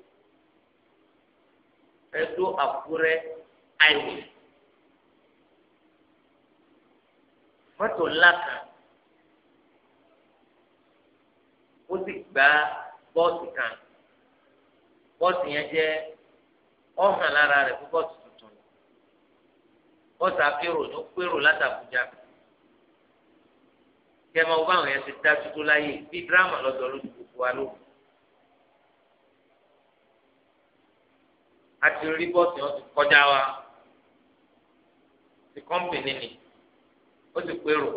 ẹdó àkúrẹ́ àìwé mọ́tò ńlá kan ó sì gba bọ́ọ̀sì kan bọ́ọ̀sì yẹn jẹ́ ọ̀hàn lára rẹ̀ fún bọ́ọ̀sì tuntun bọ́ọ̀sì akérò ló pérò látàbújá kẹmọ báwọn yẹn ti dájú tó láyè bí dírámà lọ́dọ̀ lójú gbogbo wa lóhùn. a ti rí bọ́ọ̀sì wọn ti kọjá wa ti kọ́mpìnì ni ó sì pérò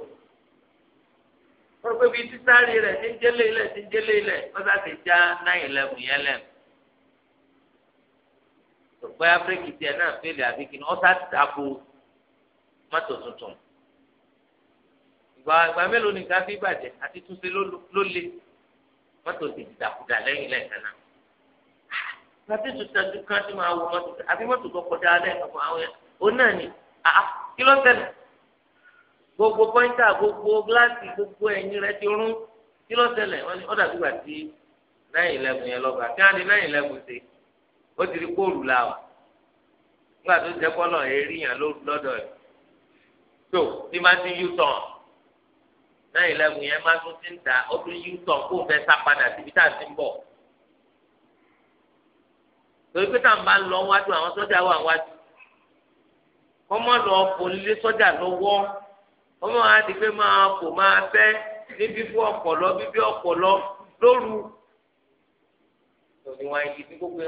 wọ́n pẹ́ bí sísáre rẹ̀ ti ń jẹ́lé ilẹ̀ ti ń jẹ́lé ilẹ̀ wọ́n sá ti já náà ìlẹ̀kùn yẹn lẹ̀ gbogbo áfíríkì tiẹ̀ náà fèlè àbí kìnnìún ọ̀sá dàbò mọ́tò tuntun ìgbà ìgbà mélòó nìkan fi bàjẹ́ àti túnṣe ló le mọ́tò ti dàkúdà lẹ́yìn lẹ́ẹ̀kan náà tàbí tòtàdú kan tí máa wọ mọ́tò àbí mọ́tò tó kọjá alẹ́ ọ̀pọ̀ àwọn yẹn ni àá kí ló ń tẹ̀lé gbogbo pọ́ńtà gbogbo gíláàsì gbogbo ẹ̀yìn rẹ ti rún kí ló ń tẹ̀lé wọ́n ní ọ̀dà gbígbà tí náà ìlẹ́gùn yẹn lọ́ba kí wọ́n ní náà ìlẹ́gùn ṣe ó ti rí kóòlù la wà nígbà tó jẹ́ kọ́lọ̀ èrí yàn lọ́dọ̀ ẹ̀ tó bí máa ti yú tán náà ìlẹ́gùn yẹn máa ti ń ta ó tún yú tán kó fẹ́ sá padà síbi tá à ti ń torí pé táwọn bá ń lọ wájú àwọn sọ́jà wà wájú ọmọ lọ bò nílé pé máa kò máa tẹ́ ní bíbí lóru òní yìí ní gbogbo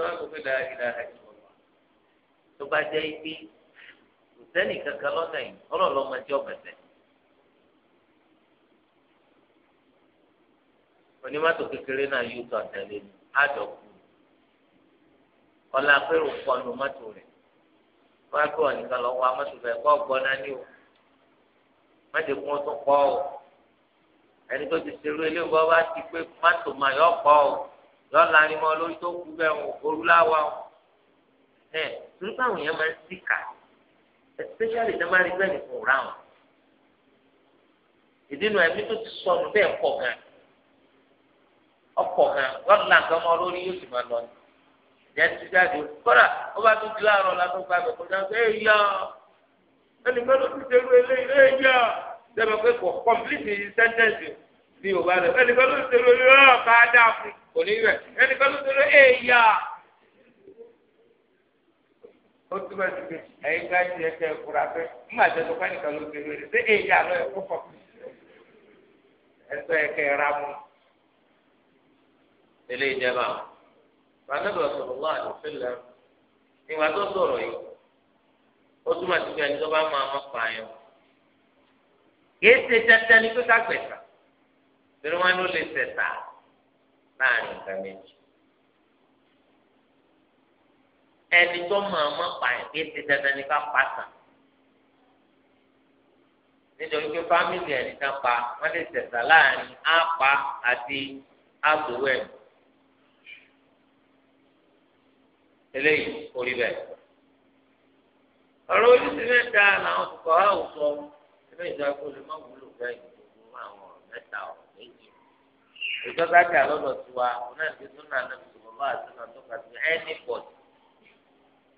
tó bá jẹ́ kò sẹ́nì kankan lọ́nà yìí jẹ́ onímọ̀tò kékeré náà yóò àtẹ̀lé ọ̀la pẹ̀lú pọ̀nù mọ́tò rẹ̀ wọ́n á pè wọ́n lọ wá mọ́tò rẹ̀ kọ́ gbọ́ná ní o mọ́tò kún ó tún o ẹni tó ti ṣerú ilé ìwọ bá ti pé mọ́tò máa yọ pọ̀ o lọ́la ni mo lórí tó kú bẹ́ẹ̀ o òru láwa o ẹ̀ torí báwọn yẹn máa ń síkà especially tí wọ́n rí bẹ́ẹ̀ ní kò ráwọn ìdínú ẹ̀mí tó ti sọnù bẹ́ẹ̀ pọ̀ gan ọ̀pọ̀ gan lọ́la nǹkan mọ́ lórí yóò sì máa lọ ni yẹn ti jáde kọ́ra ó bá tún di láàárọ̀ lásán gba àgbẹ̀ kọjá ṣe é yá ẹnìkan ló ti ṣerú eléyìí ẹ yá sẹ́mi pé kò kọ́mpìlìtì sẹ́ńtẹ́ǹsì ní yorùbá rẹ̀ ẹnìkan ló ti ṣerú eléyìí ọ̀ ká dáa fún kò ní rẹ̀ ẹnìkan ló ti ṣerú ẹ yá. ó túbọ̀ sí pé ẹ̀yin ká ti ẹsẹ̀ ìfura pé nígbà tó tó ká nìkan ló ti ṣerú eléyìí ṣé ẹ yá lọ ẹ̀kọ́ kọ̀ ẹ̀sọ́ ẹ̀kẹ́ ra mu. eléyìí jẹ́ báwọn. fanabi ọsọlọlọ àdùsílẹ ìwà tó sọ̀rọ̀ yìí ó túmọ̀ sí pé ẹni tó bá máa mọ pààyàn kìí ṣe tẹ́tẹ́ ní pípa ẹni tó máa mọ pààyàn kìí ṣe tẹ́tẹ́ ní ká pàṣà nítorí pé fámìlì ẹni tán pa wọn lè láàrin àti eléyìí orí bẹ́ẹ̀. ọ̀rọ̀ ojú ti mẹ́ta làwọn kọ̀ọ̀ àwùjọ eléyìí tó kó lè má wúlò bẹ́ẹ̀ gbogbo àwọn ọ̀rọ̀ mẹ́ta ọ̀rọ̀ méjì. ìjọba kà lọ́dọ̀ tiwa náà ti tún náà náà tó bá àti náà tó kà sí ẹni pọ̀jù.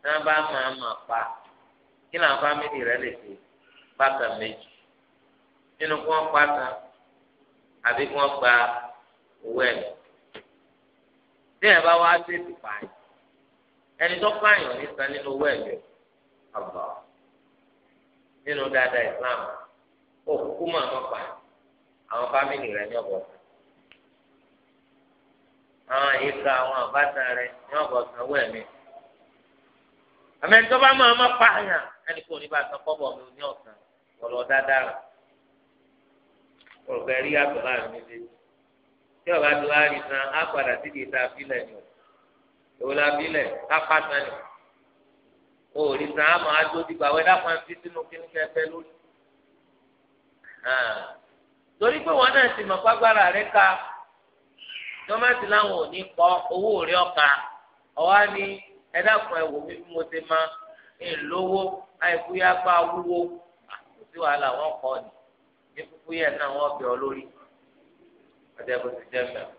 náà bá máa máa pa kí náà fámìlì rẹ lè ṣe bákà méjì. nínú kí wọ́n pa kan àbí kí wọ́n gba owó ẹ̀. bí ẹ bá wá sí ìdìpá yìí ẹni tó pààyàn níta nínú owó ẹ̀jẹ̀ àbá nínú dáadáa Islam òkú mà má pa àwọn fámìlì rẹ ní ọ̀bọ̀ àwọn ìka àwọn àbáta rẹ ní ọ̀bọ̀ sanwó ẹ̀mí àmẹ́tọ́ bá máa má pààyàn ẹni kò ní bá san kọ́bọ̀ mi ní ọ̀sán ọ̀lọ́ dáadáa rẹ olùkọ́ ẹ̀rí yàtọ̀ láàrin méjèèjì tí ọ̀gá tó wá rí san á padà síbi ìta fílẹ̀ ni o ìwòlá bílẹ̀ kápásán ni o ò rí sàn á máa dó dìgbà wẹ́dá máa ń fi sínú kí ní kẹfẹ́ lórí. torí pé wọn náà sì mọ̀ pàgbára rẹ ka tọ́mátì láwọn ò ní kọ́ owó rẹ ọ̀ka ọ̀wá ni ẹ dákun ẹ wò mí bí mo ṣe máa ń lówó àìkú yá bá wúwo kò sí wàhálà wọn kọ́ ní kúkú yẹn náà wọ́n bẹ̀ ọ́ lórí. ọ̀dẹ̀ bó ti jẹ́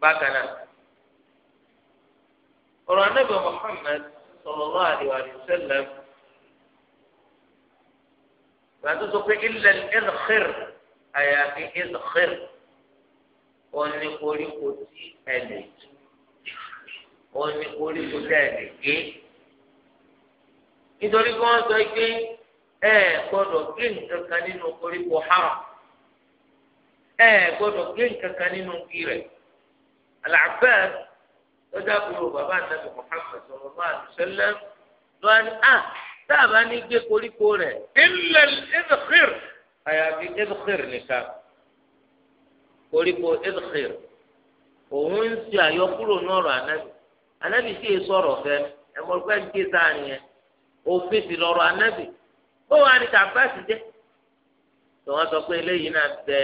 bákan náà ọ̀rọ̀ anábì Muhammad sallallahu alaihi wa sallam gbàtú sọ pé ilẹ̀ ìdxir àyàfi ìdxir òní koríko tí ẹ lè tú òní koríko tí ẹ lè gé nítorí kí wọ́n sọ pé ẹ gbọ́dọ̀ gé nǹkan kan nínú koríko haram ẹ gbọ́dọ̀ gé nǹkan kan nínú kí rẹ̀. Al-Abbas tó dábòrò bàbá àtàbí Muhammad sallallahu alaihi wasallam ló wá ní à ah, dáàbá ní gbé koríko rẹ̀ illa al-idkhir àyàfi idkhir nìkan koríko idkhir òun ń ṣe àyọkúrò nọ̀rọ̀ ànábì ànábì sì é sọ̀rọ̀ fẹ́ ẹ̀mọ́gbẹ́ ń ké sáà nìyẹn òfin sì lọ́rọ̀ ànábì ó wà ní kàbáàsì jẹ́ tí wọ́n sọ pé eléyìí náà bẹ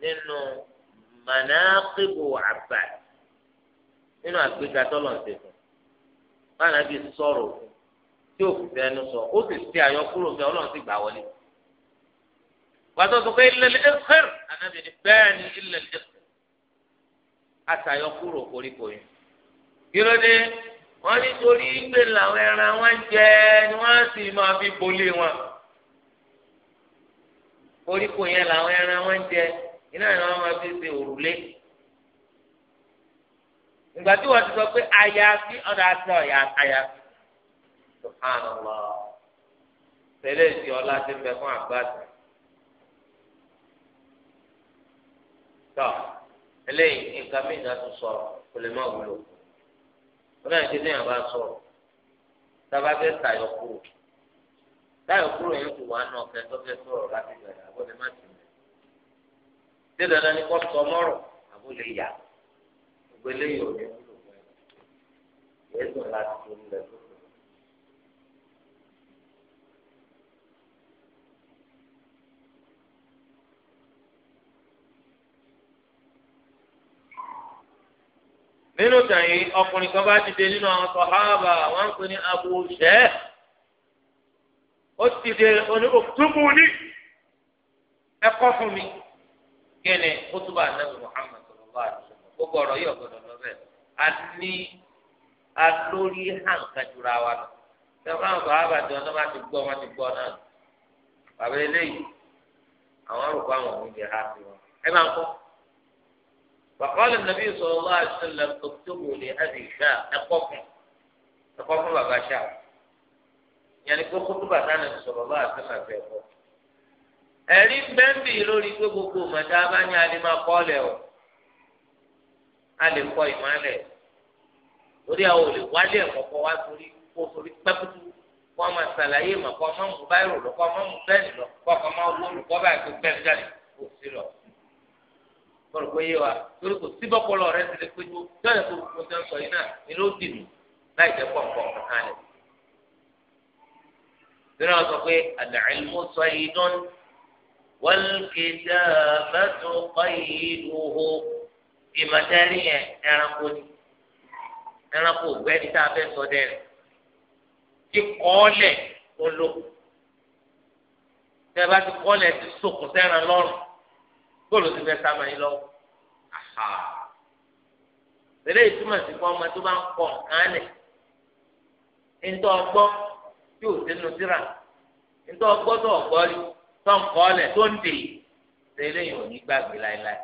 nínú manaqibu Abbas nínú àgbéga tọ́lọ̀ ń ṣe fún wọn ànábì sọ̀rọ̀ òfin tí òfin fẹ́nu sọ ó sì ṣe àyọkúrò fẹ́ ọlọ́run sì gbà wọlé gbàtọ́ sọ pé ilẹ̀ ẹ̀fẹ́r ànábì ni bẹ́ẹ̀ ni ilẹ̀ ẹ̀fẹ́r àtàyọkúrò koríko yìí kí ló dé wọn nítorí gbé làwọn ẹran wọn jẹ ni wọn sì máa fi bolé wọn koríko yẹn làwọn ẹran wọn jẹ iná ni wọn máa fi ṣe òrùlé ìgbà tí wọ́n ti sọ pé àyàfi ọ̀dà àti ọ̀yà àyàfi subhanallah tẹ̀lé ìdí ọlá ti fẹ́ fún àgbàdo. tọ́ eléyìí nǹkan mìíràn tún sọ kò lè má wúlò wọn náà ti déyàn bá sọ tábà fẹ́ tàyọ̀ kúrò táyọ̀ kúrò yẹn kò wá nù ọ̀fẹ́ tó fẹ́ sọ̀rọ̀ láti bẹ̀rẹ̀ àbọ̀ má tì mí. ṣé dandan ni kò sọ mọ́rọ̀ àbó lè gbogbo eléyìí ò ní wúlò fún ẹ yẹn dùn láti torí rẹ tó kù. nínú tàyí ọkùnrin kan bá dìde nínú àwọn sọ̀háàbà wọn ń pè ní abu ó ti dé oní òtúbù ní ẹ̀kọ́ fún mi kí ni kótóbà náà Muhammad sọ̀rọ̀ bá a gbogbo yi yìí ọ̀gbọ́dọ̀ lọ a ní a lórí hànkàjúra wa lọ sẹ́wọ́n àwọn bàbá àbàjọ náà wọ́n ti gbọ́ wọ́n ti gbọ́ náà bàbá eléyìí àwọn rò pé àwọn oúnjẹ ha sí wọn ẹ máa nàbí fún fún bàbá ṣá yẹnni bàtà nàbí ẹ̀rí lórí gbogbo mọ̀tá bá ní a lè kọ ìmọ̀lẹ̀ lórí àwọn olè wálé ẹ̀kọ́kọ́ wá sórí kó sórí pẹ́kútú kó ọmọ àṣàlàyé mọ̀ kó ọmọ mú báyìí lọ kó ọmọ mú bẹ́ẹ̀ni lọ kó ọkọ̀ máa wó olùkọ́ báyìí tó bẹ́ẹ̀ jáde kó sí lọ. bọ́lá pé yé wa torí kò sí bọ́pọ̀lọ rẹ ti lè pé tó tẹ́lẹ̀ tó kó tẹ́ sọ yìí náà ni ló dì mí láì jẹ́ pọ̀npọ̀ kálẹ̀. bí wọ́n sọ pé al-ilmu saydun wal-kitabatu qayduhu ìmọ̀tẹ́rì yẹn ẹranko ni ẹranko ògbẹ́ni tá a fẹ́ sọ dẹ́rẹ̀ tí kọ́ọ̀lẹ̀ olóko tẹ́ bá ti kọ́ọ̀lẹ̀ ti sokùn sẹ́ran lọ́rùn bóòlù ti fẹ́ sáma yín lọ́wọ́ aha tẹ́lẹ̀ ìtumọ̀ sí fún ọmọ tó bá ń kọ̀ nǹkan lẹ̀ ntọ́ ọgbọ́ tí ò sínú síra ntọ́ ọgbọ́ tó ọgbọ́ rí tó ń kọ́ọ̀lẹ̀ tó ń dè tẹ́lẹ̀ yìí ní gbàgbé láéláé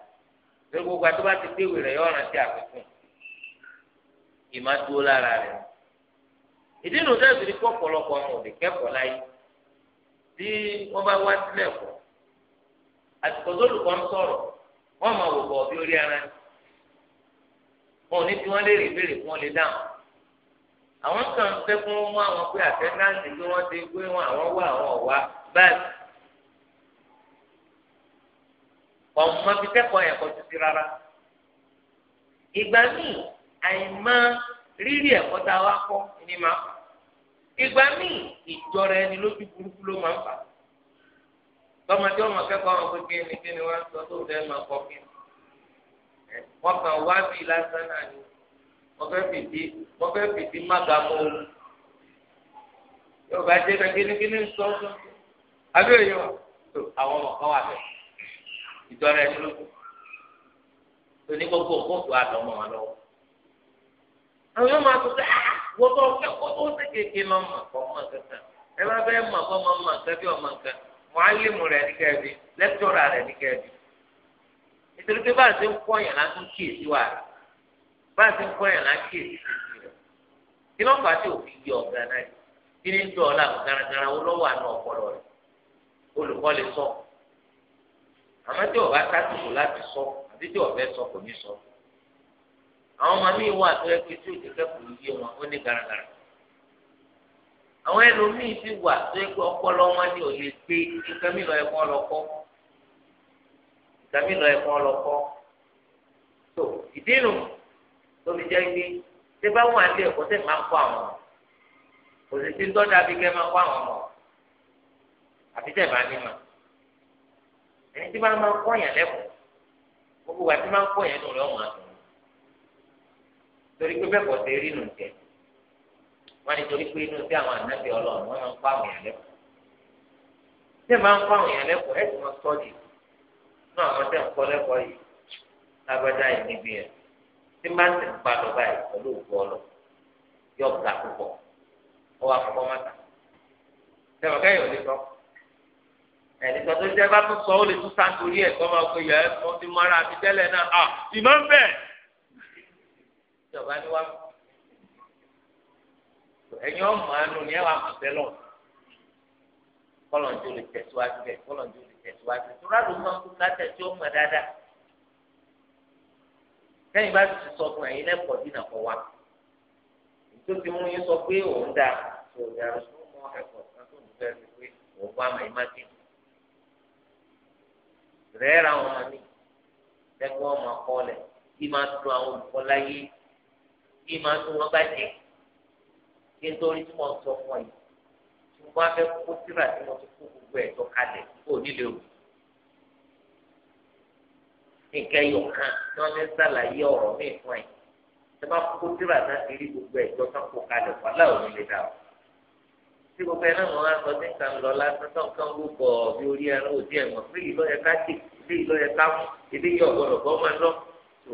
lórí gbogbo àti bá ti déwì rẹ̀ yọ ọ̀ràn sí àfikún ìmá dúró lára rẹ̀ ìdí nu dẹ́sù ní pọ̀pọ̀lọpọ̀ àwọn òde kẹ́kọ̀ọ́ láyé tí wọ́n bá wá sílẹ̀ kọ́ àsìkò tó lùkọ́ ń sọ̀rọ̀ wọ́n máa wò bọ̀ bí orí ara ni wọn ò ní fi wọ́n léèrè ìbéèrè fún wọn lè dáhùn àwọn kan fẹ́ fún wọn mú àwọn pé àtẹ́ńdáǹsì tí wọ́n ti gbé wọn àwọn wá àwọn ọ̀wá báyìí ọmọ fi kẹ́kọ̀ọ́ ẹ̀kọ́ títí rárá ìgbà míì àìmọ̀ rírì ẹ̀kọ́ tá a wá kọ́ ni máa fà ìgbà míì ìjọra ẹni lójú burúkú ló máa ń fà tọmọdé ọmọ kẹ́kọ̀ọ́ ọmọ kékeré ni kí ni wọn sọ tó fẹ́ẹ́ máa kọ kí wọn kàn wá bí lásán náà ni wọn fẹ́ẹ́ fìdí wọn fẹ́ẹ́ fìdí mága mọ òun yóò bá jẹ kí ni kí ni sọ sọ àbí òye wa àwọn ọmọ kan wà bẹ́ẹ̀. ìtọ́rẹ ẹni lójú òní gbogbo òkòtò àdọ́mọ́ wọn lọ́wọ́. àwọn yóò máa tó sẹ́ wọ́n tó fẹ́ kó tó ṣe kéèké lọ́ mọ̀ kankan ẹ bá fẹ́ mọ̀ kọ́ mọ̀ mọ̀ nǹkan bí ọmọ nǹkan mọ̀álìmù rẹ̀ ní kẹ́ẹ̀bi lẹ́tọ́rà rẹ̀ ní kẹ́ẹ̀bi. nítorí pé báyìí ṣe ń kọ́ yàn láti kíyèsí wà rẹ̀ báyìí ṣe ń kọ́ yàn láti kíyèsí rẹ̀ kí ló fà á tí òfin yọ ọ̀gá náà kí ní àmọ́ tí ọba sásìkò láti sọ àti tí ọbẹ sọ kò ní sọ àwọn ọmọ mi wà tó yẹ kí tí òjò kẹ́kọ̀ọ́ yé wọn ó ní garagara àwọn ẹlòmíín ti wà tó yẹ kí ọpọlọ wọn ní òye gbé nǹkan mi lọ ẹkọ lọkọ nǹkan mi lọ ẹkọ lọkọ tó ìdínú tó fi jẹ́ pé tí bá wà ní ẹ̀kọ́ tẹ̀ máa kó àwọn òṣìṣẹ́ ń dọ́jà bí kẹ́ máa kó àwọn ọmọ àbí tẹ̀ máa ní màá. ẹni tí bá máa kọ́ yàn lẹ́kọ̀ọ́ gbogbo wa tí máa kọ́ yàn nù rẹ̀ ọ̀mà torí pé bẹ́ẹ̀ kọ́ sí rí jẹ wọ́n ní torí pé inú sí àwọn ànábì ọlọ́run wọ́n máa kọ́ àwọn yàn lẹ́kọ̀ọ́ tí ẹ máa kọ́ àwọn yàn lẹ́kọ̀ọ́ sì máa náà àwọn tẹ̀ ń kọ́ lẹ́kọ̀ọ́ yìí lágbájá yìí níbi ẹnìkan tó jẹ́ bá tún sọ ó lè tún sáńtorí ẹ̀ kọ́ máa pe yẹ ẹ́ mo ti mọ ara mi tẹ́lẹ̀ náà à ìmọ̀ ń bẹ̀. ìjọba ni wá ẹ̀yin ọmọ àánú ni ẹ wà mọ̀ tẹ́lọ̀ kọ́lọ̀njú lè tẹ̀síwájú rẹ̀ kọ́lọ̀njú lè tẹ̀síwájú tó rárá ló máa ń kú látẹ̀ tí ó mọ̀ dáadáa. sẹ́yìn bá ti sọ fún ẹ̀yin lẹ́kọ̀ọ́ dínà kọ́ wa tó ti mú yín sọ pé òun dáa ni òun rẹ́ẹ̀rẹ́ àwọn ọmọ mi lẹ́kọ̀ọ́ ọmọ akọ́lẹ̀ kí máa tún àwọn olùkọ́ láyé kí máa tún wọn bá jẹ́ kí n torí tí mo sọ fún ẹ tí mo bá fẹ́ kó síra tí mo ti kó gbogbo ẹ̀ tó kalẹ̀ kó nílé o. nǹkan ẹyọ kan tí wọ́n fi sàlàyé ọ̀rọ̀ míì fún ẹ tí wọ́n bá kó síra láti rí gbogbo ẹ̀ tó tán kó kalẹ̀ wàhálà ò ní lè dà o tí gbogbo ẹ náà wọn á sọ níta lọ lásán tó nǹkan rúbọ bí orí ẹran òdì ẹ̀wọ̀n pé ìlọ yẹ ká dì pé ìlọ yẹ ká mú ilé yẹ ọgbọdọ bọ máa lọ tó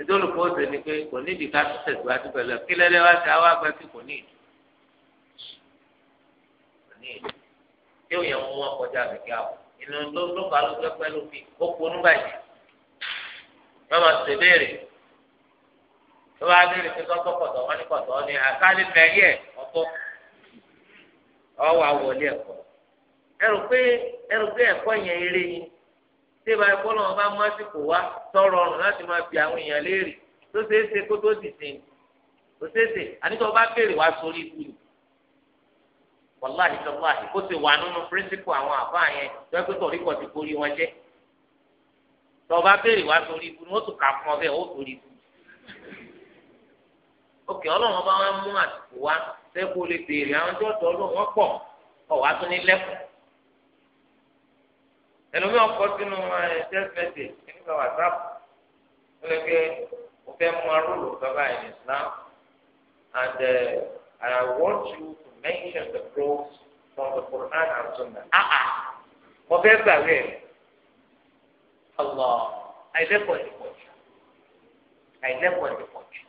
ìdólùkọ ọsẹ ni pé kò ní ìdíkà tó tẹsíwájú pẹ̀lú kí lẹlẹ wá sí àwọn àgbà tí kò ní ìdí kò ní ìdí tí ó yẹ mú wọn kọjá àbíkí àwọ inú ló ló bá ló pẹpẹ ló fi ó ponú bàjẹ́ wọn máa ṣe béèrè tó bá béèrè pé kọ́kọ́ pọ̀tọ̀ wọn ní pọ̀tọ̀ ní àkálẹ̀ mẹ́yẹ ọ̀pọ̀ ọwọ́ àwọlé ẹ̀kọ́ ẹrù pé ẹrù pé ẹ̀kọ́ yẹn eré ni tí ìbá ẹ̀kọ́ náà bá mú àsìkò wá tọrọ ọrùn láti máa bi àwọn èèyàn léèrè tó ṣeé ṣe kó tó dìde tó ṣeé ṣe àníkọ́ bá béèrè wá sórí ikú ni wàláhì sọláhì kó ṣe wà nínú píríncípù àwọn àbá yẹn tó ẹ pé tọ̀rí kọ̀ ti borí wọn jẹ́ tọba béèrè wá sórí ikú ni wọ́n tún kà fún ọ bẹ́ẹ̀ ó sórí ikú òkè ọlọ́run bá wọn mú àsìkò wá sẹ́kù lè béèrè àwọn tó tọ́ ló wọ́n pọ̀ ọ̀ wá tún ní lẹ́kọ̀ọ́. ẹlòmí ọkọ sínú text message nípa whatsapp ó lè gbé mo fẹ́ mú arúgbó bàbá in Islam and uh, I want you to mention the quotes from the Quran and Sunnah. Ah ah mo fẹ́ gbàgbé rẹ̀ Allah àìlẹ́kọ̀ọ́ ìdìpọ̀jù àìlẹ́kọ̀ọ́ ìdìpọ̀jù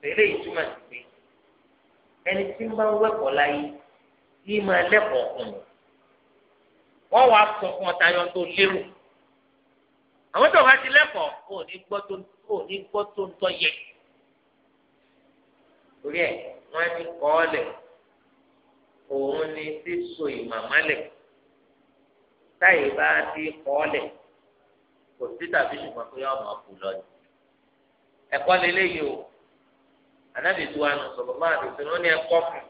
tẹ̀lé ìtumọ̀ sí pé ẹni tí ń bá wẹ̀kọ̀ láyé yìí máa lẹ́kọ̀ọ́ fún un wọ́n wá sọ fún ọ̀tayọ̀ tó lérò àwọn tó wá ti lẹ́kọ̀ọ́ ò ní gbọ́ tó ò ní gbọ́ tó ń tọ́ yẹ torí ẹ̀ wọ́n ní kọ́ ọ lẹ̀ òun ni sísọ ìmàmálẹ̀ táyé bá ti kọ́ ọ lẹ̀ kò sí tàbí ṣùgbọ́n pé ọmọ kù lọ ẹ̀kọ́ lélẹ́yìí o anabi tó wà nù sọlọ máa lò sọlọ ó ní ẹ̀kọ́ fún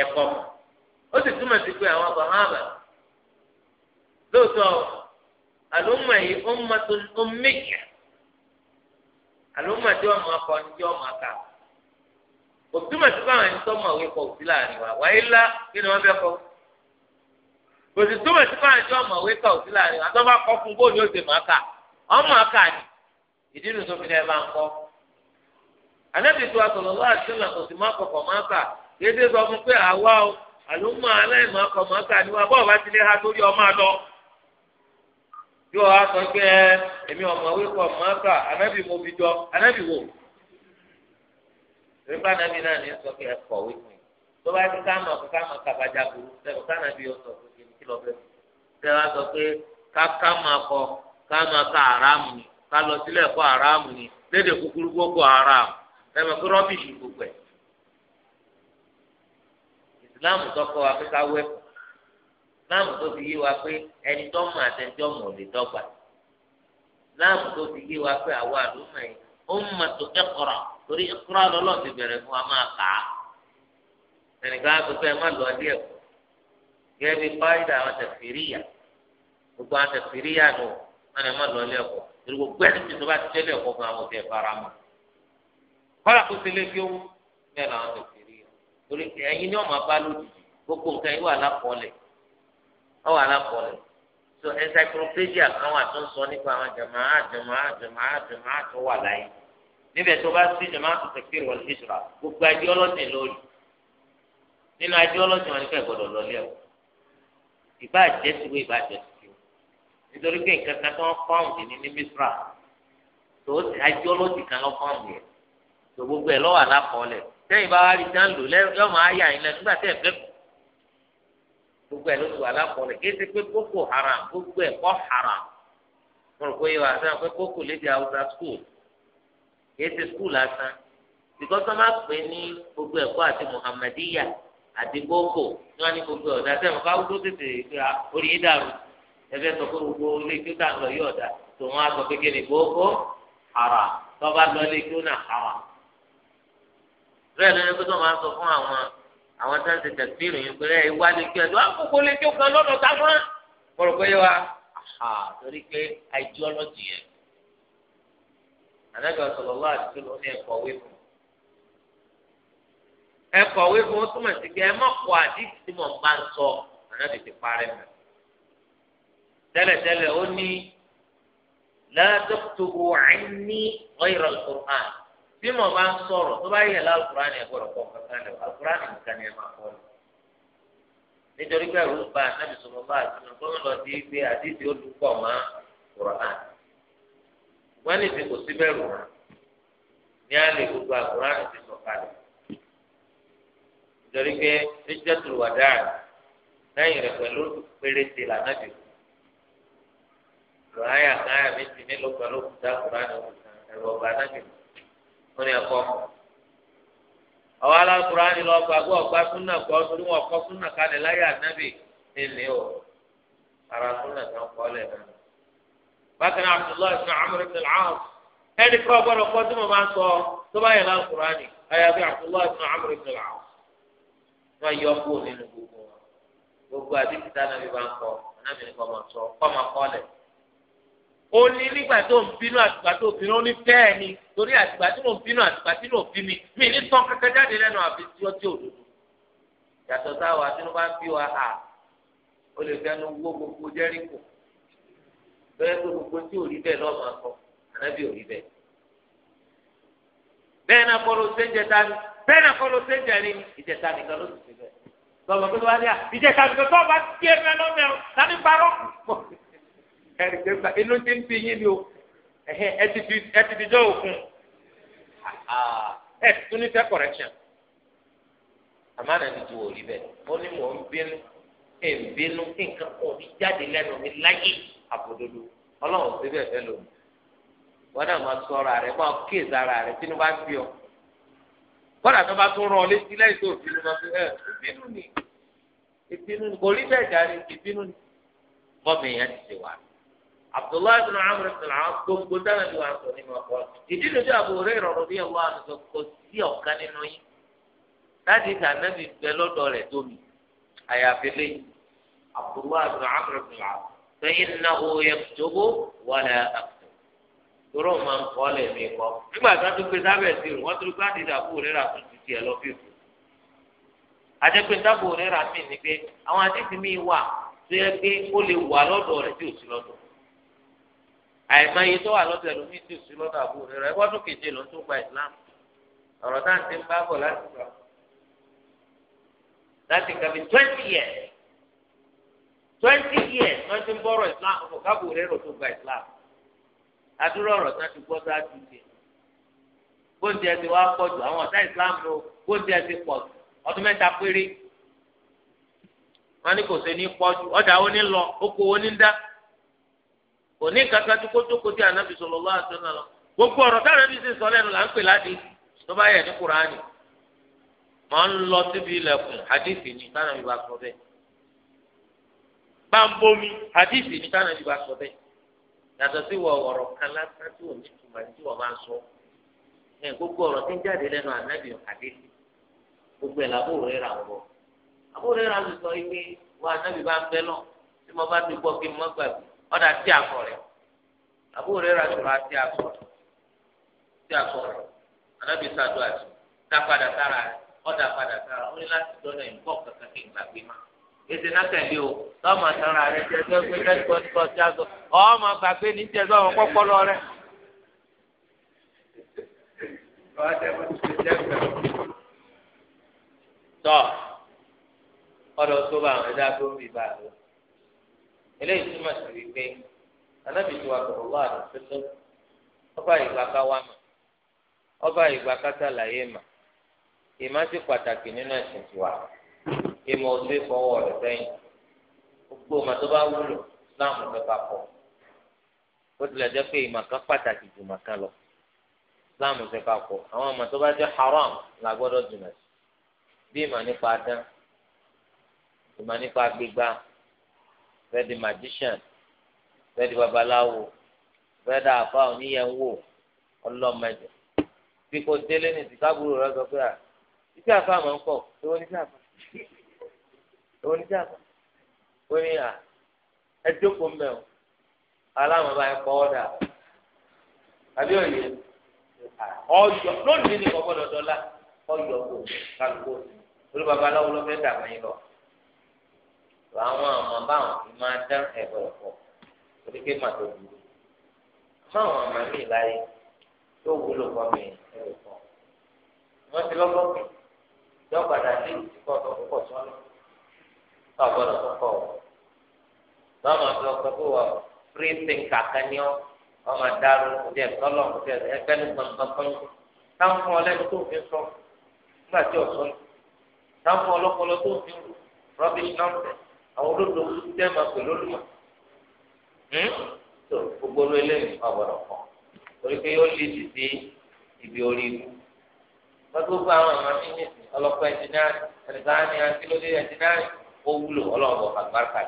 ẹ̀kọ́ fún ó sì túmọ̀ sí pé àwọn bahama lóòótọ́ àlùmọ̀ yìí ó ń mọtò ó ń méjì àlùmọ̀ tí wọ́n máa kọ́ ní tí wọ́n máa kà kò túmọ̀ sí pé àwọn ẹni tó mọ̀ wí kọ̀ sí láàrin wa wáyé ńlá kí ni wọ́n fẹ́ kọ́ kò sì túmọ̀ sí pé àwọn ẹni tó mọ̀ wí kọ̀ sí láàrin wa tó bá kọ́ fún bóyá ó ti máa kà ọmọ àkà ni ìdí nu tó fi máa ń kọ́ ànábì tó asọ̀lọ́lá àṣìlá kò sì má kọ̀kọ̀ má kà déédéé sọ fún pé àwa o àlùmọ́ aláìmọ́ kọ̀ má kà níwá bọ́ọ̀ bá ti lé ha torí ọmọ àlọ́ yóò wá sọ pé ẹ èmi ọmọ wí kọ̀ má kà ànábì mo fi jọ ànábì wò rí bánabi náà ní sọ pé ẹ kọ̀ wí fún yìí tó bá ti ká mọ̀ ká mọ̀ kàbájá burú sẹ́kọ̀ kánábì yóò sọ pé kí ni kí lọ bẹ́ẹ̀ sẹ́wọ́n á sọ pé ká ká máa ká máa ka sẹ́mi pé rọ́bìṣì gbogbo ẹ̀ ìsìláàmù tó kọ́ wa pé ká wẹ́ tó fi yé wa pé ẹni tó mọ̀ àtẹ̀jọ́ mọ̀ lè dọ́gba tó fi yé wa pé àwa àlùmọ̀ yìí ó ń mọ̀ tó ẹ̀kọ́ra torí ẹ̀kọ́ra lọ́lọ́ ti bẹ̀rẹ̀ fún wa máa kà á ẹnìkan á má lọ ilé ẹ̀kọ́ àwọn gbogbo àwọn kọ́lá kó sílé kí ó bẹ́ẹ̀ làwọn tó fi rí torí ẹ̀yin ni wọ́n máa bá lójijì gbogbo nǹkan yìí wà lápọ̀ọ́lẹ̀ wọ́n wà lápọ̀ọ́lẹ̀ so encyclopedia kan wà tó ń sọ nípa àwọn jàmáà jàmáà jàmáà jàmáà tó wà láyé níbẹ̀ tó bá sí jàmáà tó tẹ̀sí wal hijra gbogbo ideology lórí nínú ideology wọn ni ká ìgbọ́dọ̀ lọlé o ìbá àjẹsíwò ìbá àjẹsíwò nítorí pé nǹkan kan tó ń fọ́ọ̀mù ní ní misra tó ideology kan lọ fọ́ọ̀mù yẹn tó gbogbo ẹ̀ lọ́wọ́ àlákọọ́lẹ̀ sẹ́yìn bá wá rí tán lò lẹ́yìn ọmọ ayé àyìn lẹ́nu nígbà tẹ́ ẹ̀ fẹ́ gbogbo ẹ̀ ló ti wà lákọọ́lẹ̀ kí ẹsẹ̀ pé boko haram gbogbo ẹ̀ kọ́ haram mo rò pé yẹ wá sẹ́yìn pé boko lédi hausa school kí ẹsẹ̀ school lásán bìkọ́ tó má pè ní gbogbo ẹ̀kọ́ àti muhammadiya àti boko ní wọn ní gbogbo ọ̀dà sẹ́yìn ká wúlò tètè ah, orí yín dàrú ẹgbẹ́ sọ pé gbogbo ilé tó dà lọ yí ọ̀dà tó wọn á sọ pé kí ni boko haram tó bá lọ ilé tó nà haram bẹ́ẹ̀ lóyún pé tó máa ń sọ fún àwọn àwọn tó ń ṣe tẹ̀síìrì yín pé ẹ wá lè kí ẹ tó àkókò lè kí ó kan lọ́dọ̀ tá a fún mo rò pé yẹ wa torí pé ideology yẹn anabi ọsọlọlọ àti ló ní ẹkọ wí fún ẹkọ wí fún túmọ̀ sí pé ẹ má kọ àdìsí tí mo bá ń sọ anabi ti parí mi tẹ́lẹ̀tẹ́lẹ̀ ó ní la taktubu anni ghayra al-Qur'an bí mo bá ń sọ̀rọ̀ tó bá yẹ lálùkùránì ẹ̀ gbọ́dọ̀ kọ́ kankan lẹ̀ àlùkùránì nìkan ni ẹ máa kọ́ lọ. nítorí pé ẹ̀rù bà ànábì sọ̀rọ̀ bá àtúnú tó ń lọ sí gbé àdídì olùkọ́ mọ́ kùránì. wọ́n ní ti kò sí bẹ̀rù wọn ní alẹ́ gbogbo àkùránì ti sọ̀ kalẹ̀. nítorí pé ẹjẹ́ tó wà dáa lẹ́yìn rẹ̀ pẹ̀lú péréte lànàbì. lọ́ọ̀yà káyà méjì nílò wọn ni ẹ̀kọ́ àwọn alákùránì lọ gbàgbọ́ ọ̀gbá súnà kọ́ torí wọn kọ́ súnà kalẹ̀ láyé ànábì o ara súnà kan kọ́ lẹ̀ náà bákan náà abdullahi a ànábì ni kọ́ ó ní nígbà tó ń bínú àtìgbà tó bínú ó ní bẹ́ẹ̀ ni torí àtìgbà tí mò ń bínú àtìgbà tí mò ń bínú mi ní tán kankan jáde lẹ́nu àfi tí ó ti òdodo yàtọ̀ sáwà tí wọ́n bá ń bí wa hà ó lè fẹ́nu wó gbogbo jẹ́ríkò bẹ́ẹ̀ tó gbogbo tí ò rí bẹ́ẹ̀ lọ́ọ́ máa sọ ànábì ò rí bẹ́ẹ̀ bẹ́ẹ̀ náà kọ́ ló ṣe ń jẹ tani bẹ́ẹ̀ náà kọ́ ló ṣe ń jẹ ni ìjẹta nìkan ló sì ṣe bẹ́ẹ̀ ẹ̀rì pépà inú ti ń bí yín ni o ẹ ti dijọ́ òkun ẹ tún ní fẹ́ correction àmàlà ni ti wò rí bẹ́ẹ̀ ó ní mò ń bínú ẹ̀ ń bínú kí nǹkan kọ̀ ní jáde lẹ́nu mi láyé àbòdodo ọlọ́run ṣe bẹ́ẹ̀ fẹ́ lòun wọn náà máa sọ ara rẹ máa kíyèsí ara rẹ tí inú bá ń bí ọ kọ́dà tó bá tún rán ọ létí lẹ́yìn tó bínú máa fi ẹ ìbínú ni ìbínú ni kò rí bẹ́ẹ̀ jáde ìbínú ni bọ́ọ̀mù èèyàn ti ṣe wà ní abdullahi bin amr bin al-aas gbogbo dáná ni wàá sọ ní ma kọ ìdí nu bí abu rẹ rọrùn bí ẹwà àdùsọ kò sí ọ̀kan nínú yín láti ta nẹ́bí bẹ lọ́dọ̀ rẹ̀ tómi àyàfi lẹ́yìn abdullahi bin amr bin al-aas fẹ́yìn náà ó yẹ tóbó wàlẹ̀ àkùtù tóró máa ń kọ́ lẹ̀ mí kọ́ nígbà tó tó gbé sábẹ̀ sí rò wọ́n tó gbá dídà abu rẹ rà tuntun tiẹ̀ lọ fi fò àjẹpẹ́ rẹ rà mí ni pé àwọn àdìsí mi wà tó yẹ pé ó lè wà lọ́dọ̀ rẹ̀ tí ò àìmọye tó wà lọ́dọ̀ ẹlòmíì tí òsì lọ́dọ̀ àbúrò rẹ̀ wọ́dún keje ló ń tó gba ìsìlámù ọ̀rọ̀ táà ń ti ń bá bọ̀ láti gbà láti kàbí twenty years twenty years wọ́n ti ń bọ̀rọ̀ ìsìlámù kò kábò rẹ̀ rò tó gba ìsìlámù adúrò ọ̀rọ̀ táà ti gbọ́ sáájú tiẹ̀ bóńdì ẹ ti wá pọ̀ jù àwọn ọ̀tá ìsìlámù ló bóńdì ẹ ti pọ̀ jù ọdún mẹ́ta péré wọ́n ní kò sí ní pọ̀ jù ọjà ó ní lọ ó kó ó ní dá òní kankan tó kótókó tí anabi sallallahu alaihi wasallam gbogbo ọ̀rọ̀ táwọn ẹbí sì sọ lẹ́nu là ń pè tó bá yẹ ní kuraani ń lọ síbi ilẹ̀kùn hadithi ni táwọn ẹbí bá sọ bẹ́ẹ̀ bambomi hadithi ni táwọn ẹbí bá sọ bẹ́ẹ̀ yàtọ̀ sí wọ ọ̀rọ̀ kan lásán tí wọn tí máa sọ ẹ gbogbo ọ̀rọ̀ tí ń jáde lẹ́nu anabi hadithi gbogbo ẹ̀ làbúrò rà wọ̀ àbúrò rẹ̀ rà sọ anabi ọ̀dà tí àkọ rẹ̀ àbúrò rẹ̀ rà sọ̀rọ̀ àti àkọ tí àkọ rẹ̀ anábì sàdó àti dá sára rẹ̀ ọ̀dà padà sára ó ní láti dọ́nà ìkọ́ kankan kí n gbàgbé má ètè náà o lọ́mọ sára rẹ̀ tí ẹjọ́ gbé kẹ́kọ̀ọ́ ní kọ́ sí àgọ́ ọmọ gbàgbé ní tọ́ ọ̀dọ̀ tó bá àwọn tó ń bì bá a lọ. eléyìí túmọ̀ sí wípé anábì tí wà sọ̀rọ̀ wá àdùnsẹ́sẹ́ ọba ìgbà ká wá mà ọba ìgbà ká sàlàyé mà ìmọ̀ sí pàtàkì nínú ẹ̀sìn tiwa ìmọ̀ òsè fọwọ́ rẹ̀ sẹ́yìn gbogbo ọmọ tó bá wúlò islam fẹ́ ká pọ̀ ó tilẹ̀ jẹ́ pé ìmọ̀ kan pàtàkì jù mà kan lọ islam fẹ́ ká pọ̀ àwọn ọmọ haram la gbọ́dọ̀ jùmọ̀ sí bí ìmọ̀ nípa dán ìmọ̀ nípa gbígbá. fẹ́ di magician fẹ́ di babaláwo fẹ́ da àfa oníyẹ̀wò ọlọ́mọdé bí kò délé ní ìsìkábúrò rẹ sọ pé à títí àfa máa ń pọ̀ èwo ní tí àfa èwo ní tí àfa ó ní à ẹ jókòó mbẹ o aláwọn bá yẹ kọ́ ọ́ dà àbí òye ọyọ lónìí ni kò gbọdọ̀ dọ́là ọyọ kò kálukó olú babaláwo ló fẹ́ dàgbà yín lọ àwọn àmọ́ báwọn fi máa dán ẹ̀gbọ́n ọ̀pọ̀ torí pé màá tó burú máwọn àmọ́ mi láyé tó wúlò kọ́ mi ẹ̀rọ kan wọ́n ti lọ́gbọ́n pè yọ padà lé ìtìkọ́ ọ̀tọ̀ púpọ̀ sọ́nà tó àgbọ̀dọ̀ púpọ̀ wọ́n máa fi ọkọ̀ pé wọ́n fírí tìǹkà kan ní ọ́ wọ́n máa dárò ọdẹ tọ́lọ̀ ọdẹ ẹgbẹ́ ní gbọ̀ngbọ̀ngbọ̀n táwọn fún ọlẹ́ni tó fi sọ nígbà tí ọ̀sán táwọn fún ọlọ́pọlọ tó fi rọ́bìṣì náà àwọn olódò tẹ́ máa pè lólùmọ̀ tó hmm? gbogbo olú eléyìí máa gbọdọ̀ kọ́ torí pé yóò lè dì sí ibi orí ibu wọ́n tó bá àwọn àmàmí ní ọlọ́pàá ẹ̀jìnárì ẹ̀nìkan á ní akílódé ah, ẹ̀jìnárì ó wúlò ọlọ́ọ̀bọ̀ àgbàkà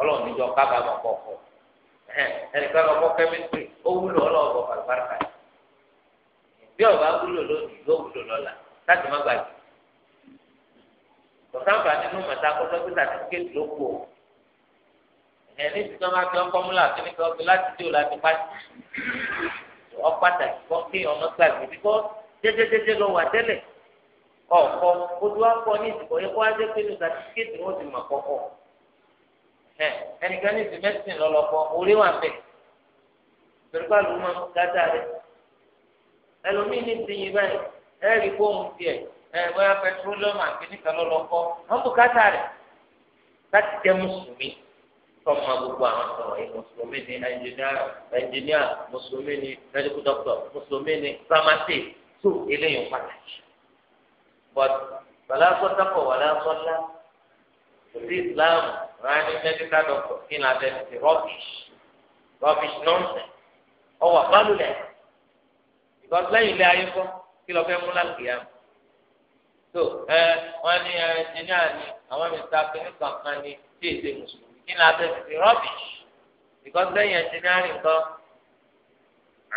ọlọ́ọ̀ni jọ kábàámọ̀ kọ̀ọ̀kọ̀ ẹ̀nìkan lọ́kọ́ kẹ́mísírì ó wúlò ọlọ́ọ̀bọ̀ àgbàkà bí ọba wúlò lónìí kọ̀sánfà nínú mọ̀tà kọ́sọ́ pé sàtífíkẹ́tì ló kù ọ́ ẹ̀ ní ti sọ́mà fi ọkọ̀ múlá àti nípa ọ̀gbìn láti dé òlà ti pàṣẹ ọ̀pàtàkì kọ́ kí ọmọ gbàgbé bíkọ́ jẹ́jẹ́jẹ́jẹ́ lọ wà tẹ́lẹ̀ ọ̀kọ́ ojú akọ ní ìsìnkọ́ yẹ kó wá dé pé ní sàtífíkẹ́tì wọn ti mọ̀ kọ́kọ́ ẹ ẹnìkan ní ti mẹ́sìn lọ́lọ́kọ́ orí wà bẹ̀ pẹ̀lú pàlọ́ mọ́ gádà rẹ̀ ẹlòmíì ní ti yin báyìí ẹ̀rí fóun tiẹ̀ ẹ bóyá pẹtrólíọ̀mù àfẹnìkan lọ́lọ́kọ́ wọ́n bù kátà rẹ̀ láti jẹ́ mùsùlùmí tọ́mọ gbogbo àwọn sọ̀rọ̀ yìí mùsùlùmí ni ẹnjìníà mùsùlùmí ni mẹdíkù dọ́kítọ̀ mùsùlùmí ni pharmacy tó eléyìí pàtàkì. but bàlá sọ́tàpọ̀ wà lásọ́lá kò sí ìsìláàmù rárá ní mẹdíkà dọ́kítọ̀ kí ni abẹ́ ti rubbish rubbish nonsense ọwọ́ àbálùlẹ̀ ìgbàgbọ́ lẹ́yìn ilé ayé kọ́ kí lọ́ọ́ fẹ́ mú láti yàrá. so ẹ wọ́n ní ẹ jìnnà ni àwọn mr kìnnì kankan ni tí èdè mùsùlùmí kí ni abẹ́ fi fi rọ́bìṣì because lẹ́yìn ẹnjìnírìn kan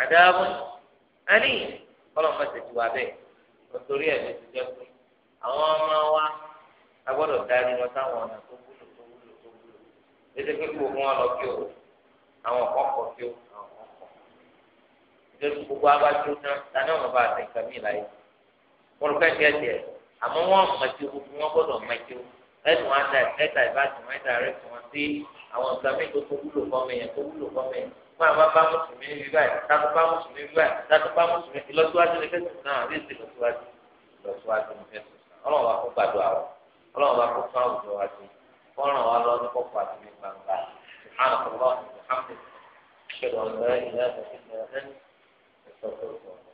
àdáàbò ẹni kọ́lọ́mọ tètè wà bẹ́ẹ̀ nítorí ẹ̀ ló ti jẹ́ pé àwọn ọmọ wa a darí wọn ọ̀nà tó wúlò tó wúlò tó wúlò lédè pé wọn lọ kí o àwọn kí o àwọn gbogbo abájú àmọ́ wọ́n mọ̀tìwó wọ́n gbọ́dọ̀ mọ̀tìwó ẹ̀sùn wọn ta ẹ̀ta ìbátan wọn ẹ̀ta rẹ̀ sùn wọn sí àwọn nǹkan mi tó wúlò fọ́mọ yẹn tó wúlò fọ́mọ yẹn fún àwọn bá mùsùlùmí níbi báyìí tàbí bá mùsùlùmí níbi báyìí tàbí bá mùsùlùmí ìlọsíwájú ní fẹsùn náà àbí èsì ìlọsíwájú ìlọsíwájú ní fẹsùn náà ọlọ́run wa kó gbàdúrà wa ọlọ́run wa kó fún àwùjọ wa sí fọ́nrán wa lọ ní kọ́kọ́ àti ní gbangba ṣùgbọ́n àwọn ọlọ́run